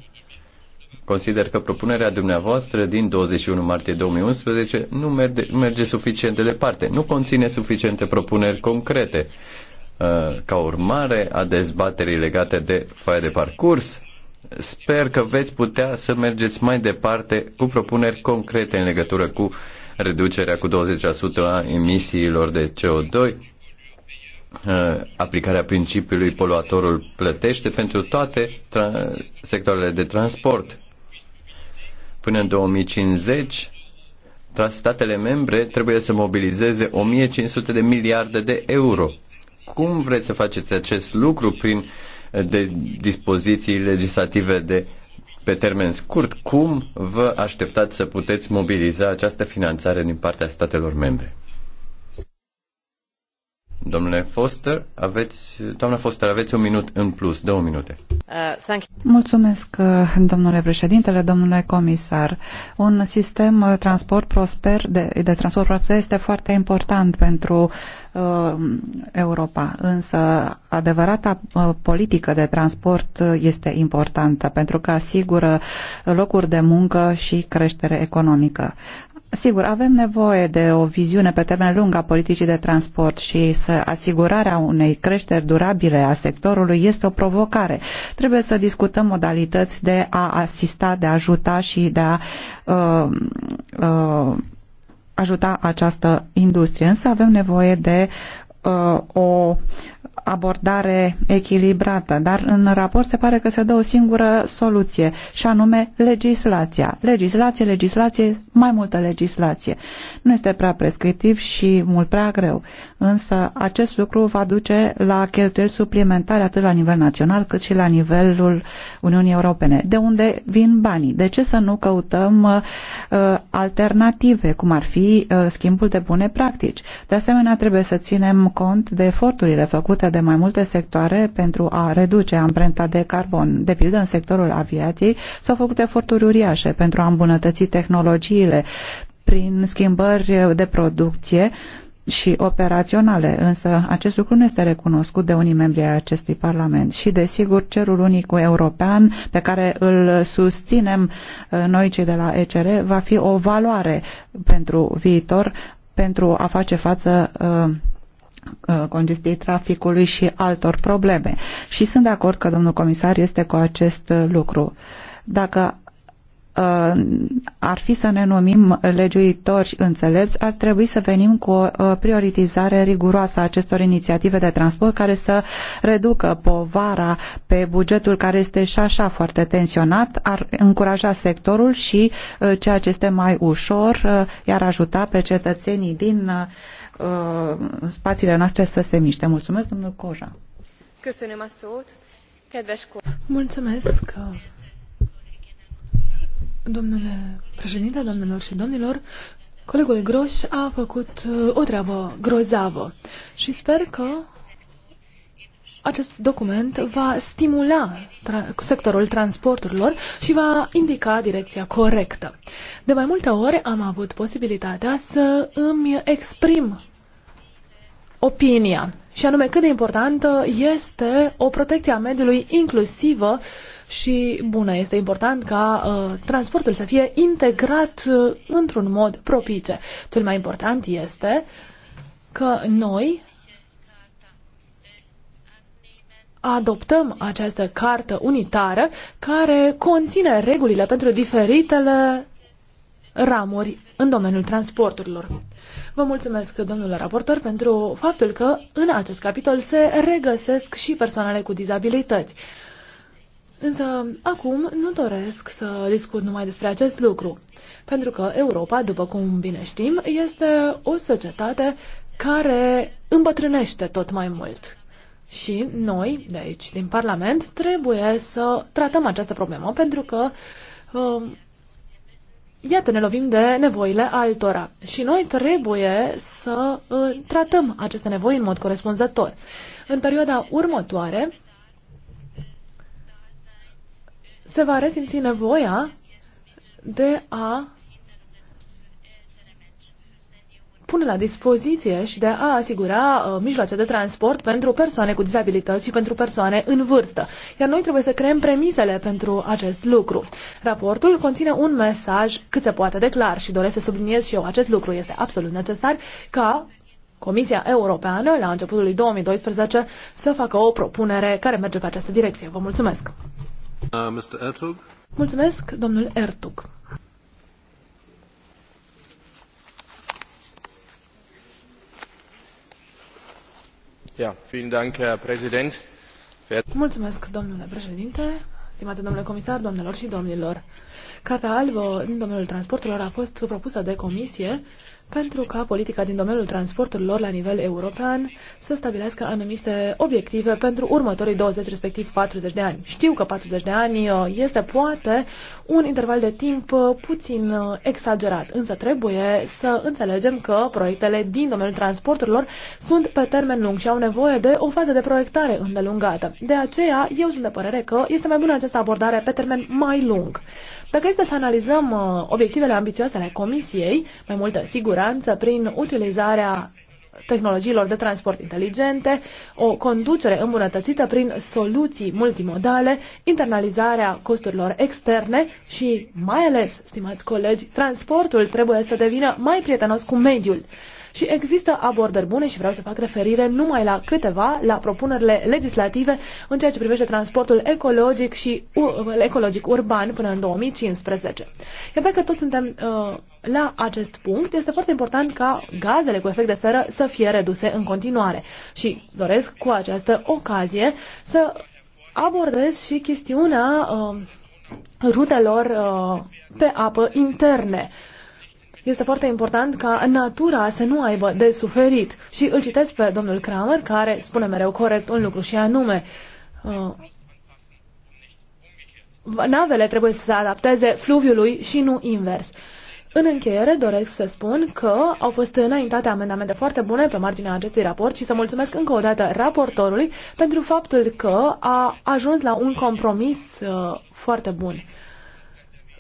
consider că propunerea dumneavoastră din 21 martie 2011 nu merge, merge suficient de departe, nu conține suficiente propuneri concrete. Uh, ca urmare a dezbaterii legate de foaia de parcurs, sper că veți putea să mergeți mai departe cu propuneri concrete în legătură cu reducerea cu 20% a emisiilor de CO2, uh, aplicarea principiului poluatorul plătește pentru toate sectoarele de transport. Până în 2050, statele membre trebuie să mobilizeze 1500 de miliarde de euro cum vreți să faceți acest lucru prin eh, de dispoziții legislative de pe termen scurt? Cum vă așteptați să puteți mobiliza această finanțare din partea statelor membre? Domnule Foster, aveți, doamna Foster, aveți un minut în plus, două minute. Uh, Mulțumesc, uh, domnule președintele, domnule comisar. Un sistem uh, transport prosper, de, de transport prosper este foarte important pentru uh, Europa, însă adevărata uh, politică de transport uh, este importantă pentru că asigură locuri de muncă și creștere economică. Sigur, avem nevoie de o viziune pe termen lung a politicii de transport și să asigurarea unei creșteri durabile a sectorului este o provocare. Trebuie să discutăm modalități de a asista, de a ajuta și de a uh, uh, ajuta această industrie. Însă avem nevoie de Uh, o abordare echilibrată, dar în raport se pare că se dă o singură soluție și anume legislația. Legislație, legislație, mai multă legislație. Nu este prea prescriptiv și mult prea greu, însă acest lucru va duce la cheltuieli suplimentare atât la nivel național cât și la nivelul Uniunii Europene. De unde vin banii? De ce să nu căutăm uh, alternative, cum ar fi uh, schimbul de bune practici? De asemenea, trebuie să ținem cont de eforturile făcute de mai multe sectoare pentru a reduce amprenta de carbon. De pildă, în sectorul aviației s-au făcut eforturi uriașe pentru a îmbunătăți tehnologiile prin schimbări de producție și operaționale, însă acest lucru nu este recunoscut de unii membri ai acestui Parlament și, desigur, cerul unic european pe care îl susținem uh, noi cei de la ECR va fi o valoare pentru viitor pentru a face față uh, Uh, congestiei traficului și altor probleme. Și sunt de acord că domnul comisar este cu acest uh, lucru. Dacă Uh, ar fi să ne numim legiuitori înțelepți, ar trebui să venim cu o uh, prioritizare riguroasă a acestor inițiative de transport care să reducă povara pe bugetul care este și așa foarte tensionat, ar încuraja sectorul și uh, ceea ce este mai ușor i-ar ajuta pe cetățenii din spațiile noastre să se miște. Mulțumesc, domnul Coja. Mulțumesc. Domnule președinte, domnilor și domnilor, colegul Groș a făcut uh, o treabă grozavă și sper că acest document va stimula tra sectorul transporturilor și va indica direcția corectă. De mai multe ori am avut posibilitatea să îmi exprim opinia și anume cât de importantă este o protecție a mediului inclusivă uh, și bună. Este important ca uh, transportul să fie integrat uh, într-un mod propice. Cel mai important este că noi adoptăm această cartă unitară care conține regulile pentru diferitele ramuri în domeniul transporturilor. Vă mulțumesc, domnule raportor, pentru faptul că în acest capitol se regăsesc și persoanele cu dizabilități. Însă, acum nu doresc să discut numai despre acest lucru, pentru că Europa, după cum bine știm, este o societate care îmbătrânește tot mai mult. Și noi, de aici, din Parlament, trebuie să tratăm această problemă, pentru că uh, iată, ne lovim de nevoile altora și noi trebuie să uh, tratăm aceste nevoi în mod corespunzător. În perioada următoare, se va resimți nevoia de a pune la dispoziție și de a asigura uh, mijloace de transport pentru persoane cu dizabilități și pentru persoane în vârstă. Iar noi trebuie să creăm premisele pentru acest lucru. Raportul conține un mesaj cât se poate de clar și doresc să subliniez și eu acest lucru. Este absolut necesar ca Comisia Europeană, la începutul lui 2012, să facă o propunere care merge pe această direcție. Vă mulțumesc! Uh, Mr. Ertug. Mulțumesc, domnul Ertug. Yeah, Dank, Mulțumesc, domnule președinte, stimate domnule comisar, doamnelor și domnilor. Carta albă în domeniul transporturilor a fost propusă de comisie pentru ca politica din domeniul transporturilor la nivel european să stabilească anumite obiective pentru următorii 20, respectiv 40 de ani. Știu că 40 de ani uh, este poate un interval de timp uh, puțin uh, exagerat, însă trebuie să înțelegem că proiectele din domeniul transporturilor sunt pe termen lung și au nevoie de o fază de proiectare îndelungată. De aceea, eu sunt de părere că este mai bună această abordare pe termen mai lung. Dacă este să analizăm obiectivele ambițioase ale Comisiei, mai multă sigur siguranță prin utilizarea tehnologiilor de transport inteligente, o conducere îmbunătățită prin soluții multimodale, internalizarea costurilor externe și, mai ales, stimați colegi, transportul trebuie să devină mai prietenos cu mediul. Și există abordări bune și vreau să fac referire numai la câteva, la propunerile legislative în ceea ce privește transportul ecologic și uh, ecologic urban până în 2015. Iar dacă toți suntem uh, la acest punct, este foarte important ca gazele cu efect de seră să fie reduse în continuare. Și doresc cu această ocazie să abordez și chestiunea uh, rutelor uh, pe apă interne este foarte important ca natura să nu aibă de suferit. Și îl citesc pe domnul Kramer, care spune mereu corect un lucru și anume, uh, navele trebuie să se adapteze fluviului și nu invers. În încheiere doresc să spun că au fost înaintate amendamente foarte bune pe marginea acestui raport și să mulțumesc încă o dată raportorului pentru faptul că a ajuns la un compromis uh, foarte bun.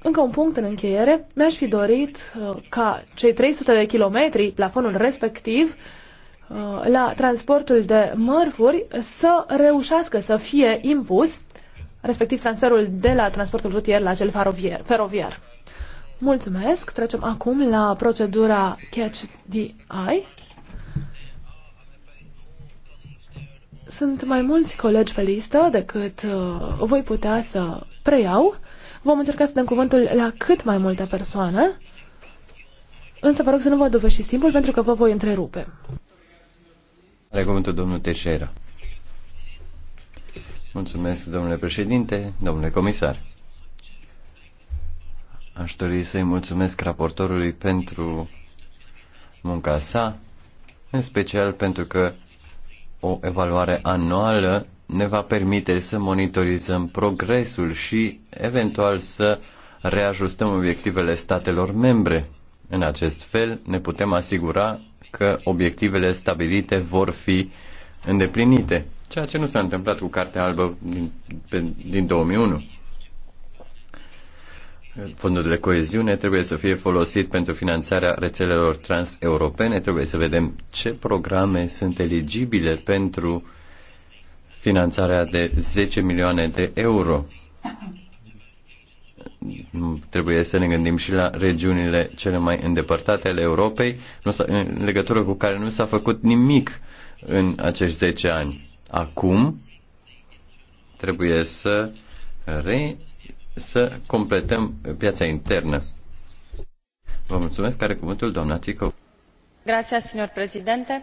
Încă un punct în încheiere. Mi-aș fi dorit uh, ca cei 300 de kilometri, plafonul respectiv, uh, la transportul de mărfuri să reușească să fie impus, respectiv transferul de la transportul rutier la cel feroviar. Mulțumesc. Trecem acum la procedura Catch the Eye. Sunt mai mulți colegi pe listă decât uh, voi putea să preiau. Vom încerca să dăm cuvântul la cât mai multe persoane, însă vă rog să nu vă doveștiți timpul pentru că vă voi întrerupe. Are cuvântul domnul Teșera. Mulțumesc, domnule președinte, domnule comisar. Aș dori să-i mulțumesc raportorului pentru munca sa, în special pentru că o evaluare anuală ne va permite să monitorizăm progresul și eventual să reajustăm obiectivele statelor membre. În acest fel ne putem asigura că obiectivele stabilite vor fi îndeplinite, ceea ce nu s-a întâmplat cu Cartea Albă din, pe, din 2001. Fondul de coeziune trebuie să fie folosit pentru finanțarea rețelelor transeuropene. Trebuie să vedem ce programe sunt eligibile pentru uh, finanțarea de 10 milioane de euro. Trebuie să ne gândim și la regiunile cele mai îndepărtate ale Europei, în legătură cu care nu s-a făcut nimic în acești 10 ani. Acum trebuie să, re, să completăm piața internă. Vă mulțumesc. Care cuvântul doamna Țicău. Gracias, señor presidente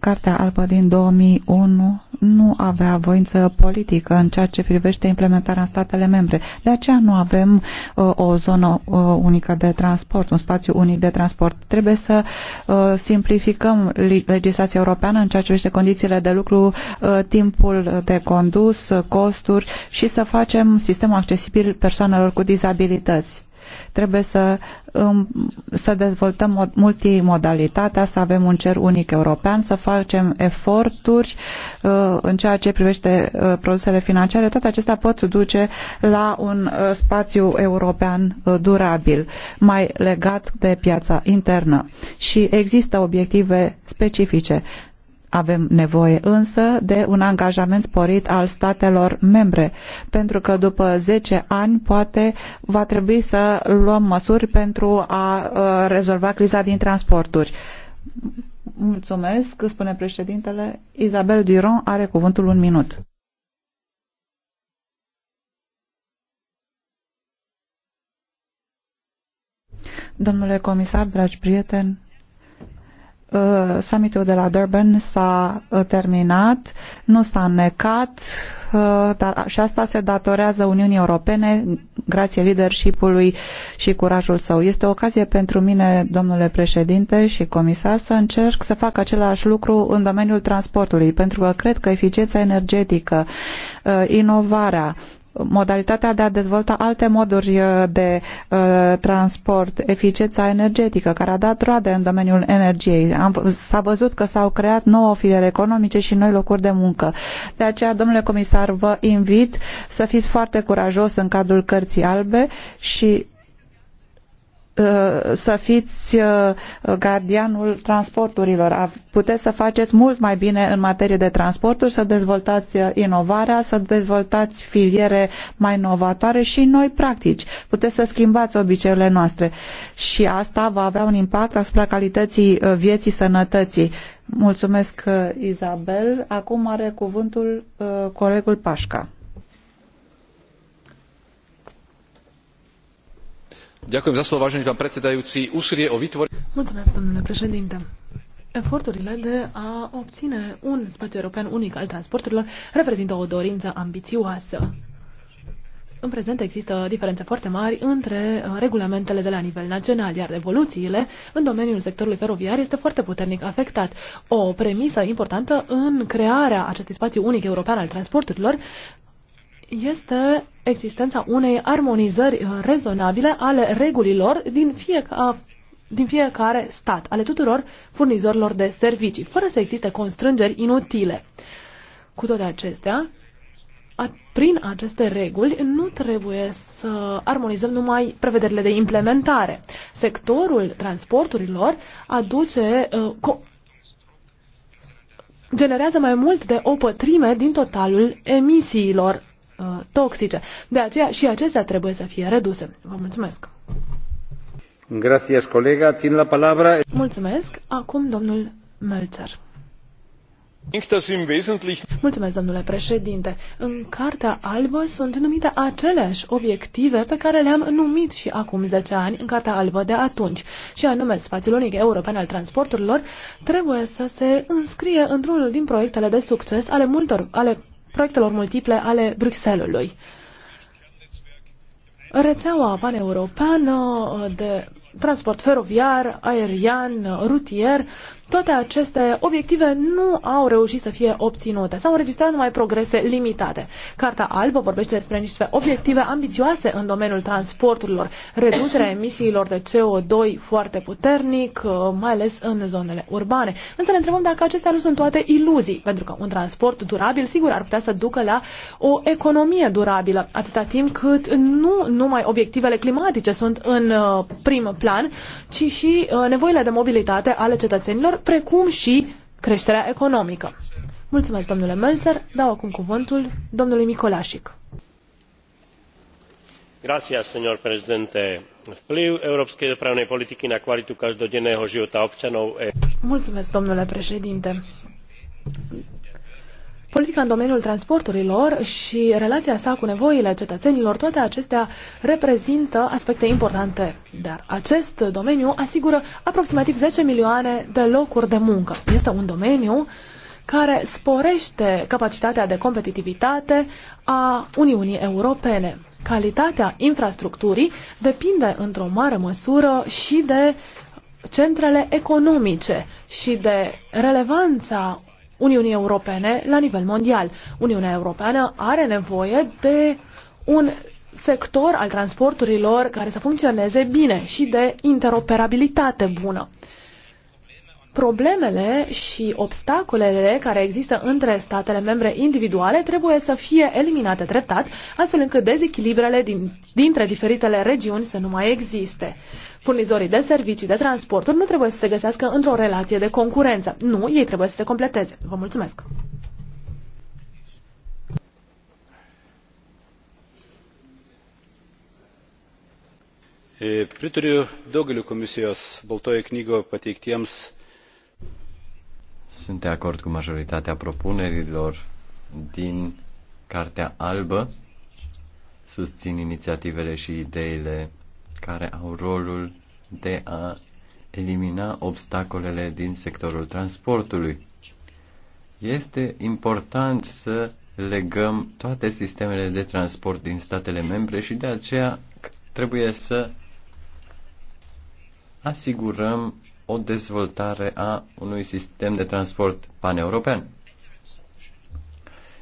Cartea albă din 2001 nu avea voință politică în ceea ce privește implementarea în statele membre. De aceea nu avem uh, o zonă uh, unică de transport, un spațiu unic de transport. Trebuie să uh, simplificăm legislația europeană în ceea ce privește condițiile de lucru, uh, timpul de condus, uh, costuri și să facem sistemul accesibil persoanelor cu dizabilități Trebuie să, um, să dezvoltăm multimodalitatea, să avem un cer unic european, să facem eforturi uh, în ceea ce privește uh, produsele financiare. Toate acestea pot duce la un uh, spațiu european durabil, mai legat de piața internă. Și există obiective specifice. Avem nevoie însă de un angajament sporit al statelor membre, pentru că după 10 ani poate va trebui să luăm măsuri pentru a uh, rezolva criza din transporturi. Mulțumesc, spune președintele. Isabel Duron are cuvântul un minut. Domnule comisar, dragi prieteni, Uh, summitul de la Durban s-a uh, terminat, nu s-a necat uh, dar, și asta se datorează Uniunii Europene grație leadership-ului și curajul său. Este o ocazie pentru mine, domnule președinte și comisar, să încerc să fac același lucru în domeniul transportului, pentru că cred că eficiența energetică, inovarea, modalitatea de a dezvolta alte moduri uh, de uh, transport, eficiența energetică, care a dat roade în domeniul energiei. s-a văzut că s-au creat nouă filiere economice și noi locuri de muncă. De aceea, domnule comisar, vă invit să fiți foarte curajos în cadrul cărții albe și Uh, să fiți uh, gardianul transporturilor. Puteți să faceți mult mai bine în materie de transporturi, să dezvoltați uh, inovarea, să dezvoltați filiere mai novatoare și noi practici. Puteți să schimbați obiceiurile noastre și asta va avea un impact asupra calității vieții sănătății. Mulțumesc, Izabel. Acum are cuvântul colegul Pașca. Eforturile de a obține un spațiu european unic al transporturilor reprezintă o dorință ambițioasă. În prezent există diferențe foarte mari între uh, regulamentele de la nivel național, iar evoluțiile în domeniul sectorului feroviar este foarte puternic afectat. O premisă importantă în crearea acestui spațiu unic european al transporturilor este existența unei armonizări uh, rezonabile ale regulilor din, fiecare din fiecare stat, ale tuturor furnizorilor de servicii, fără să existe constrângeri inutile. Cu toate acestea, prin aceste reguli nu trebuie să armonizăm numai prevederile de implementare. Sectorul transporturilor aduce uh, generează mai mult de o pătrime din totalul emisiilor Uh, toxice. De aceea și acestea trebuie să fie reduse. Vă mulțumesc! Gracias, colega. Țin la palabra. Mulțumesc. Acum domnul Melzer. Mulțumesc, domnule președinte. În Cartea Albă sunt numite aceleași obiective pe care le-am numit și acum 10 ani în Cartea Albă de atunci, și anume spațiul unic european al transporturilor trebuie să se înscrie într-unul din proiectele de succes ale multor ale proiectelor multiple ale Bruxellesului. Rețeaua paneuropeană de transport feroviar, aerian, rutier toate aceste obiective nu au reușit să fie obținute. S-au înregistrat numai progrese limitate. Carta albă vorbește despre niște obiective ambițioase în domeniul transporturilor, reducerea [COUGHS] emisiilor de CO2 foarte puternic, uh, mai ales în zonele urbane. Însă ne întrebăm dacă acestea nu sunt toate iluzii, pentru că un transport durabil sigur ar putea să ducă la o economie durabilă, atâta timp cât nu numai obiectivele climatice sunt în uh, prim plan, ci și uh, nevoile de mobilitate ale cetățenilor precum și creșterea economică. Mulțumesc, domnule Melzer. Dau acum cuvântul domnului Micolașic. Gracias, señor presidente. Vplyv európskej dopravnej politiky na kvalitu každodenného života občanov. Mulțumesc, domnule președinte politica în domeniul transporturilor și relația sa cu nevoile cetățenilor, toate acestea reprezintă aspecte importante. Dar acest domeniu asigură aproximativ 10 milioane de locuri de muncă. Este un domeniu care sporește capacitatea de competitivitate a Uniunii Europene. Calitatea infrastructurii depinde într-o mare măsură și de centrele economice și de relevanța Uniunii Europene la nivel mondial. Uniunea Europeană are nevoie de un sector al transporturilor care să funcționeze bine și de interoperabilitate bună. Problemele și obstacolele care există între statele membre individuale trebuie să fie eliminate treptat, astfel încât dezechilibrele din, dintre diferitele regiuni să nu mai existe. Furnizorii de servicii, de transporturi nu trebuie să se găsească într-o relație de concurență. Nu, ei trebuie să se completeze. Vă mulțumesc! pritariu daugeliui komisijos baltojoje knygoje pateiktiems Sunt de acord cu majoritatea propunerilor din Cartea Albă. Susțin inițiativele și ideile care au rolul de a elimina obstacolele din sectorul transportului. Este important să legăm toate sistemele de transport din statele membre și de aceea trebuie să asigurăm o dezvoltare a unui sistem de transport paneuropean.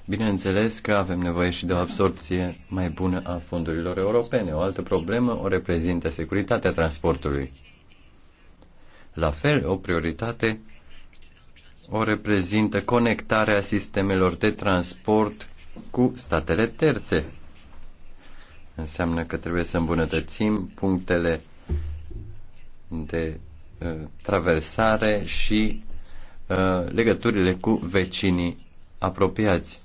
Bineînțeles că avem nevoie și de o absorpție mai bună a fondurilor europene. O altă problemă o reprezintă securitatea transportului. La fel, o prioritate o reprezintă conectarea sistemelor de transport cu statele terțe. Înseamnă că trebuie să îmbunătățim punctele de uh, traversare și uh, legăturile cu vecinii apropiați.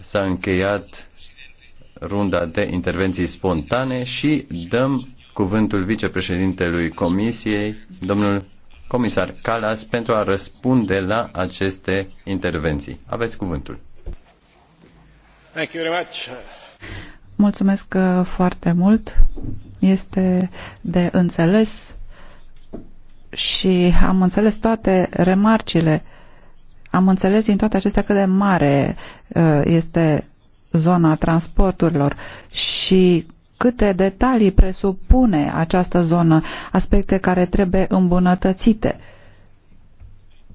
s-a încheiat runda de intervenții spontane și dăm cuvântul vicepreședintelui Comisiei, domnul comisar Calas, pentru a răspunde la aceste intervenții. Aveți cuvântul. Thank you very much. Mulțumesc uh, foarte mult. Este de înțeles și am înțeles toate remarcile am înțeles din toate acestea cât de mare uh, este zona transporturilor și câte detalii presupune această zonă, aspecte care trebuie îmbunătățite.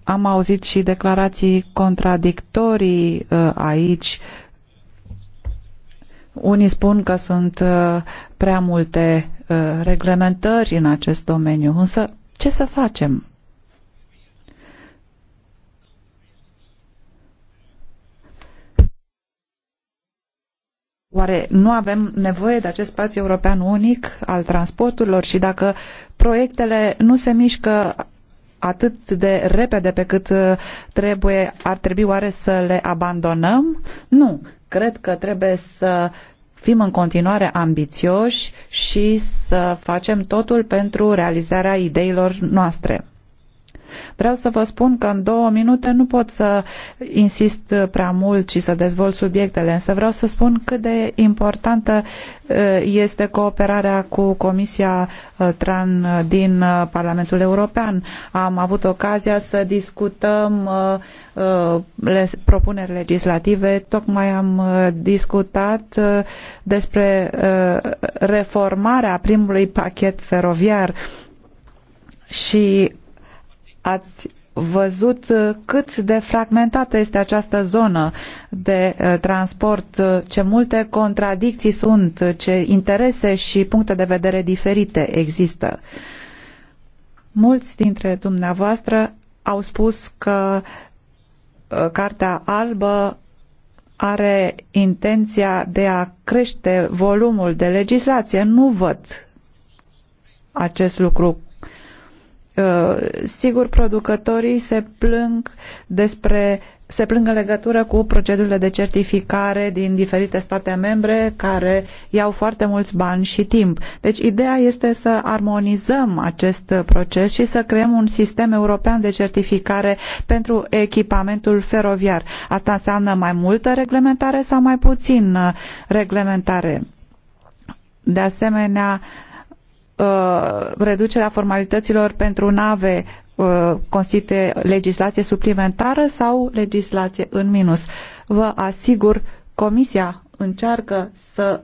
Am auzit și declarații contradictorii uh, aici. Unii spun că sunt uh, prea multe reglementări în acest domeniu, însă ce să facem? Oare nu avem nevoie de acest spațiu european unic al transporturilor și dacă proiectele nu se mișcă atât de repede pe cât uh, trebuie, ar trebui oare să le abandonăm? Nu. Cred că trebuie să fim în continuare ambițioși și să facem totul pentru realizarea ideilor noastre. Vreau să vă spun că în două minute nu pot să insist prea mult și să dezvolt subiectele, însă vreau să spun cât de importantă uh, este cooperarea cu Comisia uh, TRAN uh, din Parlamentul European. Am avut ocazia să discutăm propuneri legislative, tocmai am discutat despre reformarea primului pachet feroviar și ați văzut uh, cât de fragmentată este această zonă de uh, transport, uh, ce multe contradicții sunt, ce interese și puncte de vedere diferite există. Mulți dintre dumneavoastră au spus că Cartea Albă are intenția de a crește volumul de legislație. Nu văd acest lucru Uh, sigur, producătorii se plâng despre se plâng în legătură cu procedurile de certificare din diferite state membre care iau foarte mulți bani și timp. Deci ideea este să armonizăm acest proces și să creăm un sistem european de certificare pentru echipamentul feroviar. Asta înseamnă mai multă reglementare sau mai puțin uh, reglementare. De asemenea, uh, Uh, reducerea formalităților pentru nave uh, constituie legislație suplimentară sau legislație în minus. Vă asigur, Comisia încearcă să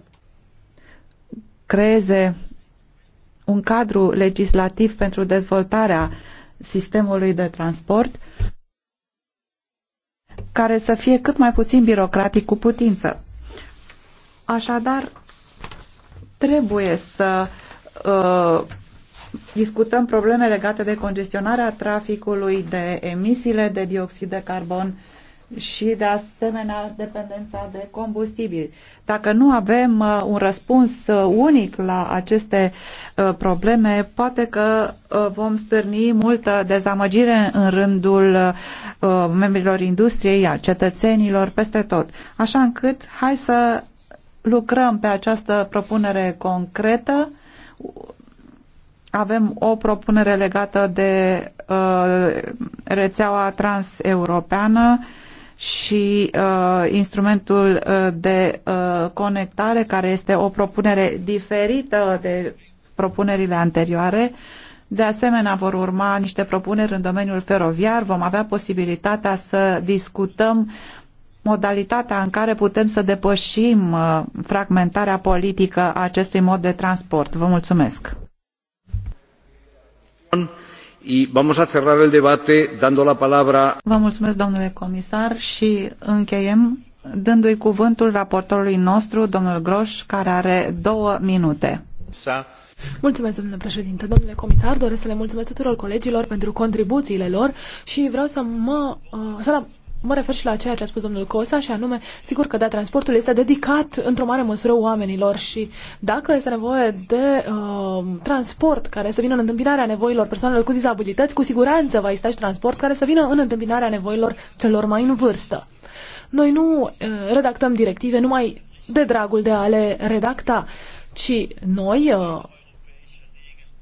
creeze un cadru legislativ pentru dezvoltarea sistemului de transport care să fie cât mai puțin birocratic cu putință. Așadar, trebuie să Uh, discutăm probleme legate de congestionarea traficului, de emisiile de dioxid de carbon și de asemenea dependența de combustibili. Dacă nu avem uh, un răspuns uh, unic la aceste uh, probleme, poate că uh, vom stârni multă dezamăgire în rândul uh, membrilor industriei, a cetățenilor, peste tot. Așa încât, hai să lucrăm pe această propunere concretă avem o propunere legată de uh, rețeaua transeuropeană și uh, instrumentul uh, de uh, conectare, care este o propunere diferită de propunerile anterioare. De asemenea, vor urma niște propuneri în domeniul feroviar. Vom avea posibilitatea să discutăm modalitatea în care putem să depășim uh, fragmentarea politică a acestui mod de transport. Vă mulțumesc! Vă mulțumesc, domnule comisar, și încheiem dându-i cuvântul raportorului nostru, domnul Groș, care are două minute. Mulțumesc, domnule președinte. Domnule comisar, doresc să le mulțumesc tuturor colegilor pentru contribuțiile lor și vreau să mă uh, să mă refer și la ceea ce a spus domnul Cosa și anume, sigur că da, transportul este dedicat într-o mare măsură oamenilor și dacă este nevoie de uh, transport care să vină în întâmpinarea nevoilor persoanelor cu dizabilități, cu siguranță va exista și transport care să vină în întâmpinarea nevoilor celor mai în vârstă. Noi nu uh, redactăm directive numai de dragul de a le redacta, ci noi uh,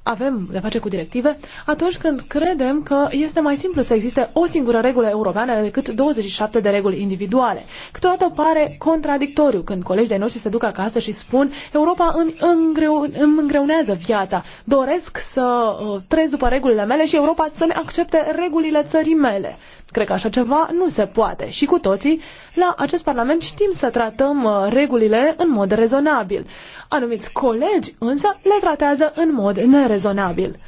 avem de face cu directive atunci când credem că este mai simplu să existe o singură regulă europeană decât 27 de reguli individuale. Câteodată pare contradictoriu când colegi de noștri se duc acasă și spun Europa îmi, îngreu, îmi îngreunează viața, doresc să uh, trăiesc după regulile mele și Europa să ne accepte regulile țării mele. Cred că așa ceva nu se poate și cu toții la acest Parlament știm să tratăm uh, regulile în mod rezonabil. Anumiți colegi însă le tratează în mod nerezonabil rezonabil.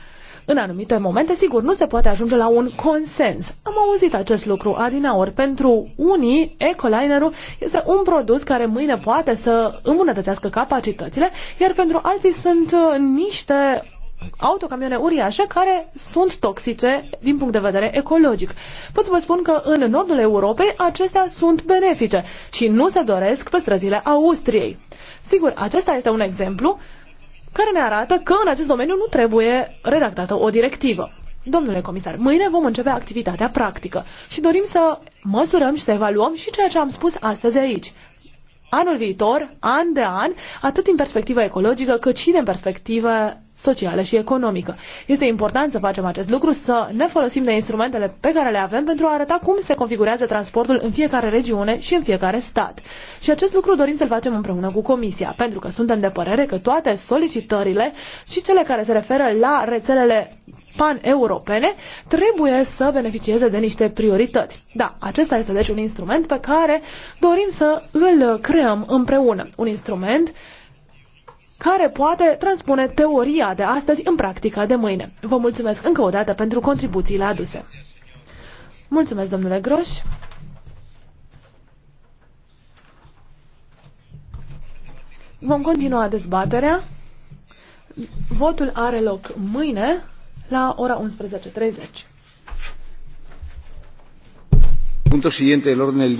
În anumite momente, sigur, nu se poate ajunge la un consens. Am auzit acest lucru adinaori. Pentru unii, ecolinerul este un produs care mâine poate să îmbunătățească capacitățile, iar pentru alții sunt uh, niște autocamioane uriașe care sunt toxice din punct de vedere ecologic. Pot să vă spun că în nordul Europei acestea sunt benefice și nu se doresc pe străzile Austriei. Sigur, acesta este un exemplu, care ne arată că în acest domeniu nu trebuie redactată o directivă. Domnule comisar, mâine vom începe activitatea practică și dorim să măsurăm și să evaluăm și ceea ce am spus astăzi aici. Anul viitor, an de an, atât din perspectivă ecologică, cât și din perspectivă socială și economică. Este important să facem acest lucru, să ne folosim de instrumentele pe care le avem pentru a arăta cum se configurează transportul în fiecare regiune și în fiecare stat. Și acest lucru dorim să-l facem împreună cu Comisia, pentru că suntem de părere că toate solicitările și cele care se referă la rețelele pan-europene trebuie să beneficieze de niște priorități. Da, acesta este deci un instrument pe care dorim să îl creăm împreună. Un instrument care poate transpune teoria de astăzi în practica de mâine. Vă mulțumesc încă o dată pentru contribuțiile aduse. Mulțumesc, domnule Groș. Vom continua dezbaterea. Votul are loc mâine la ora 11.30.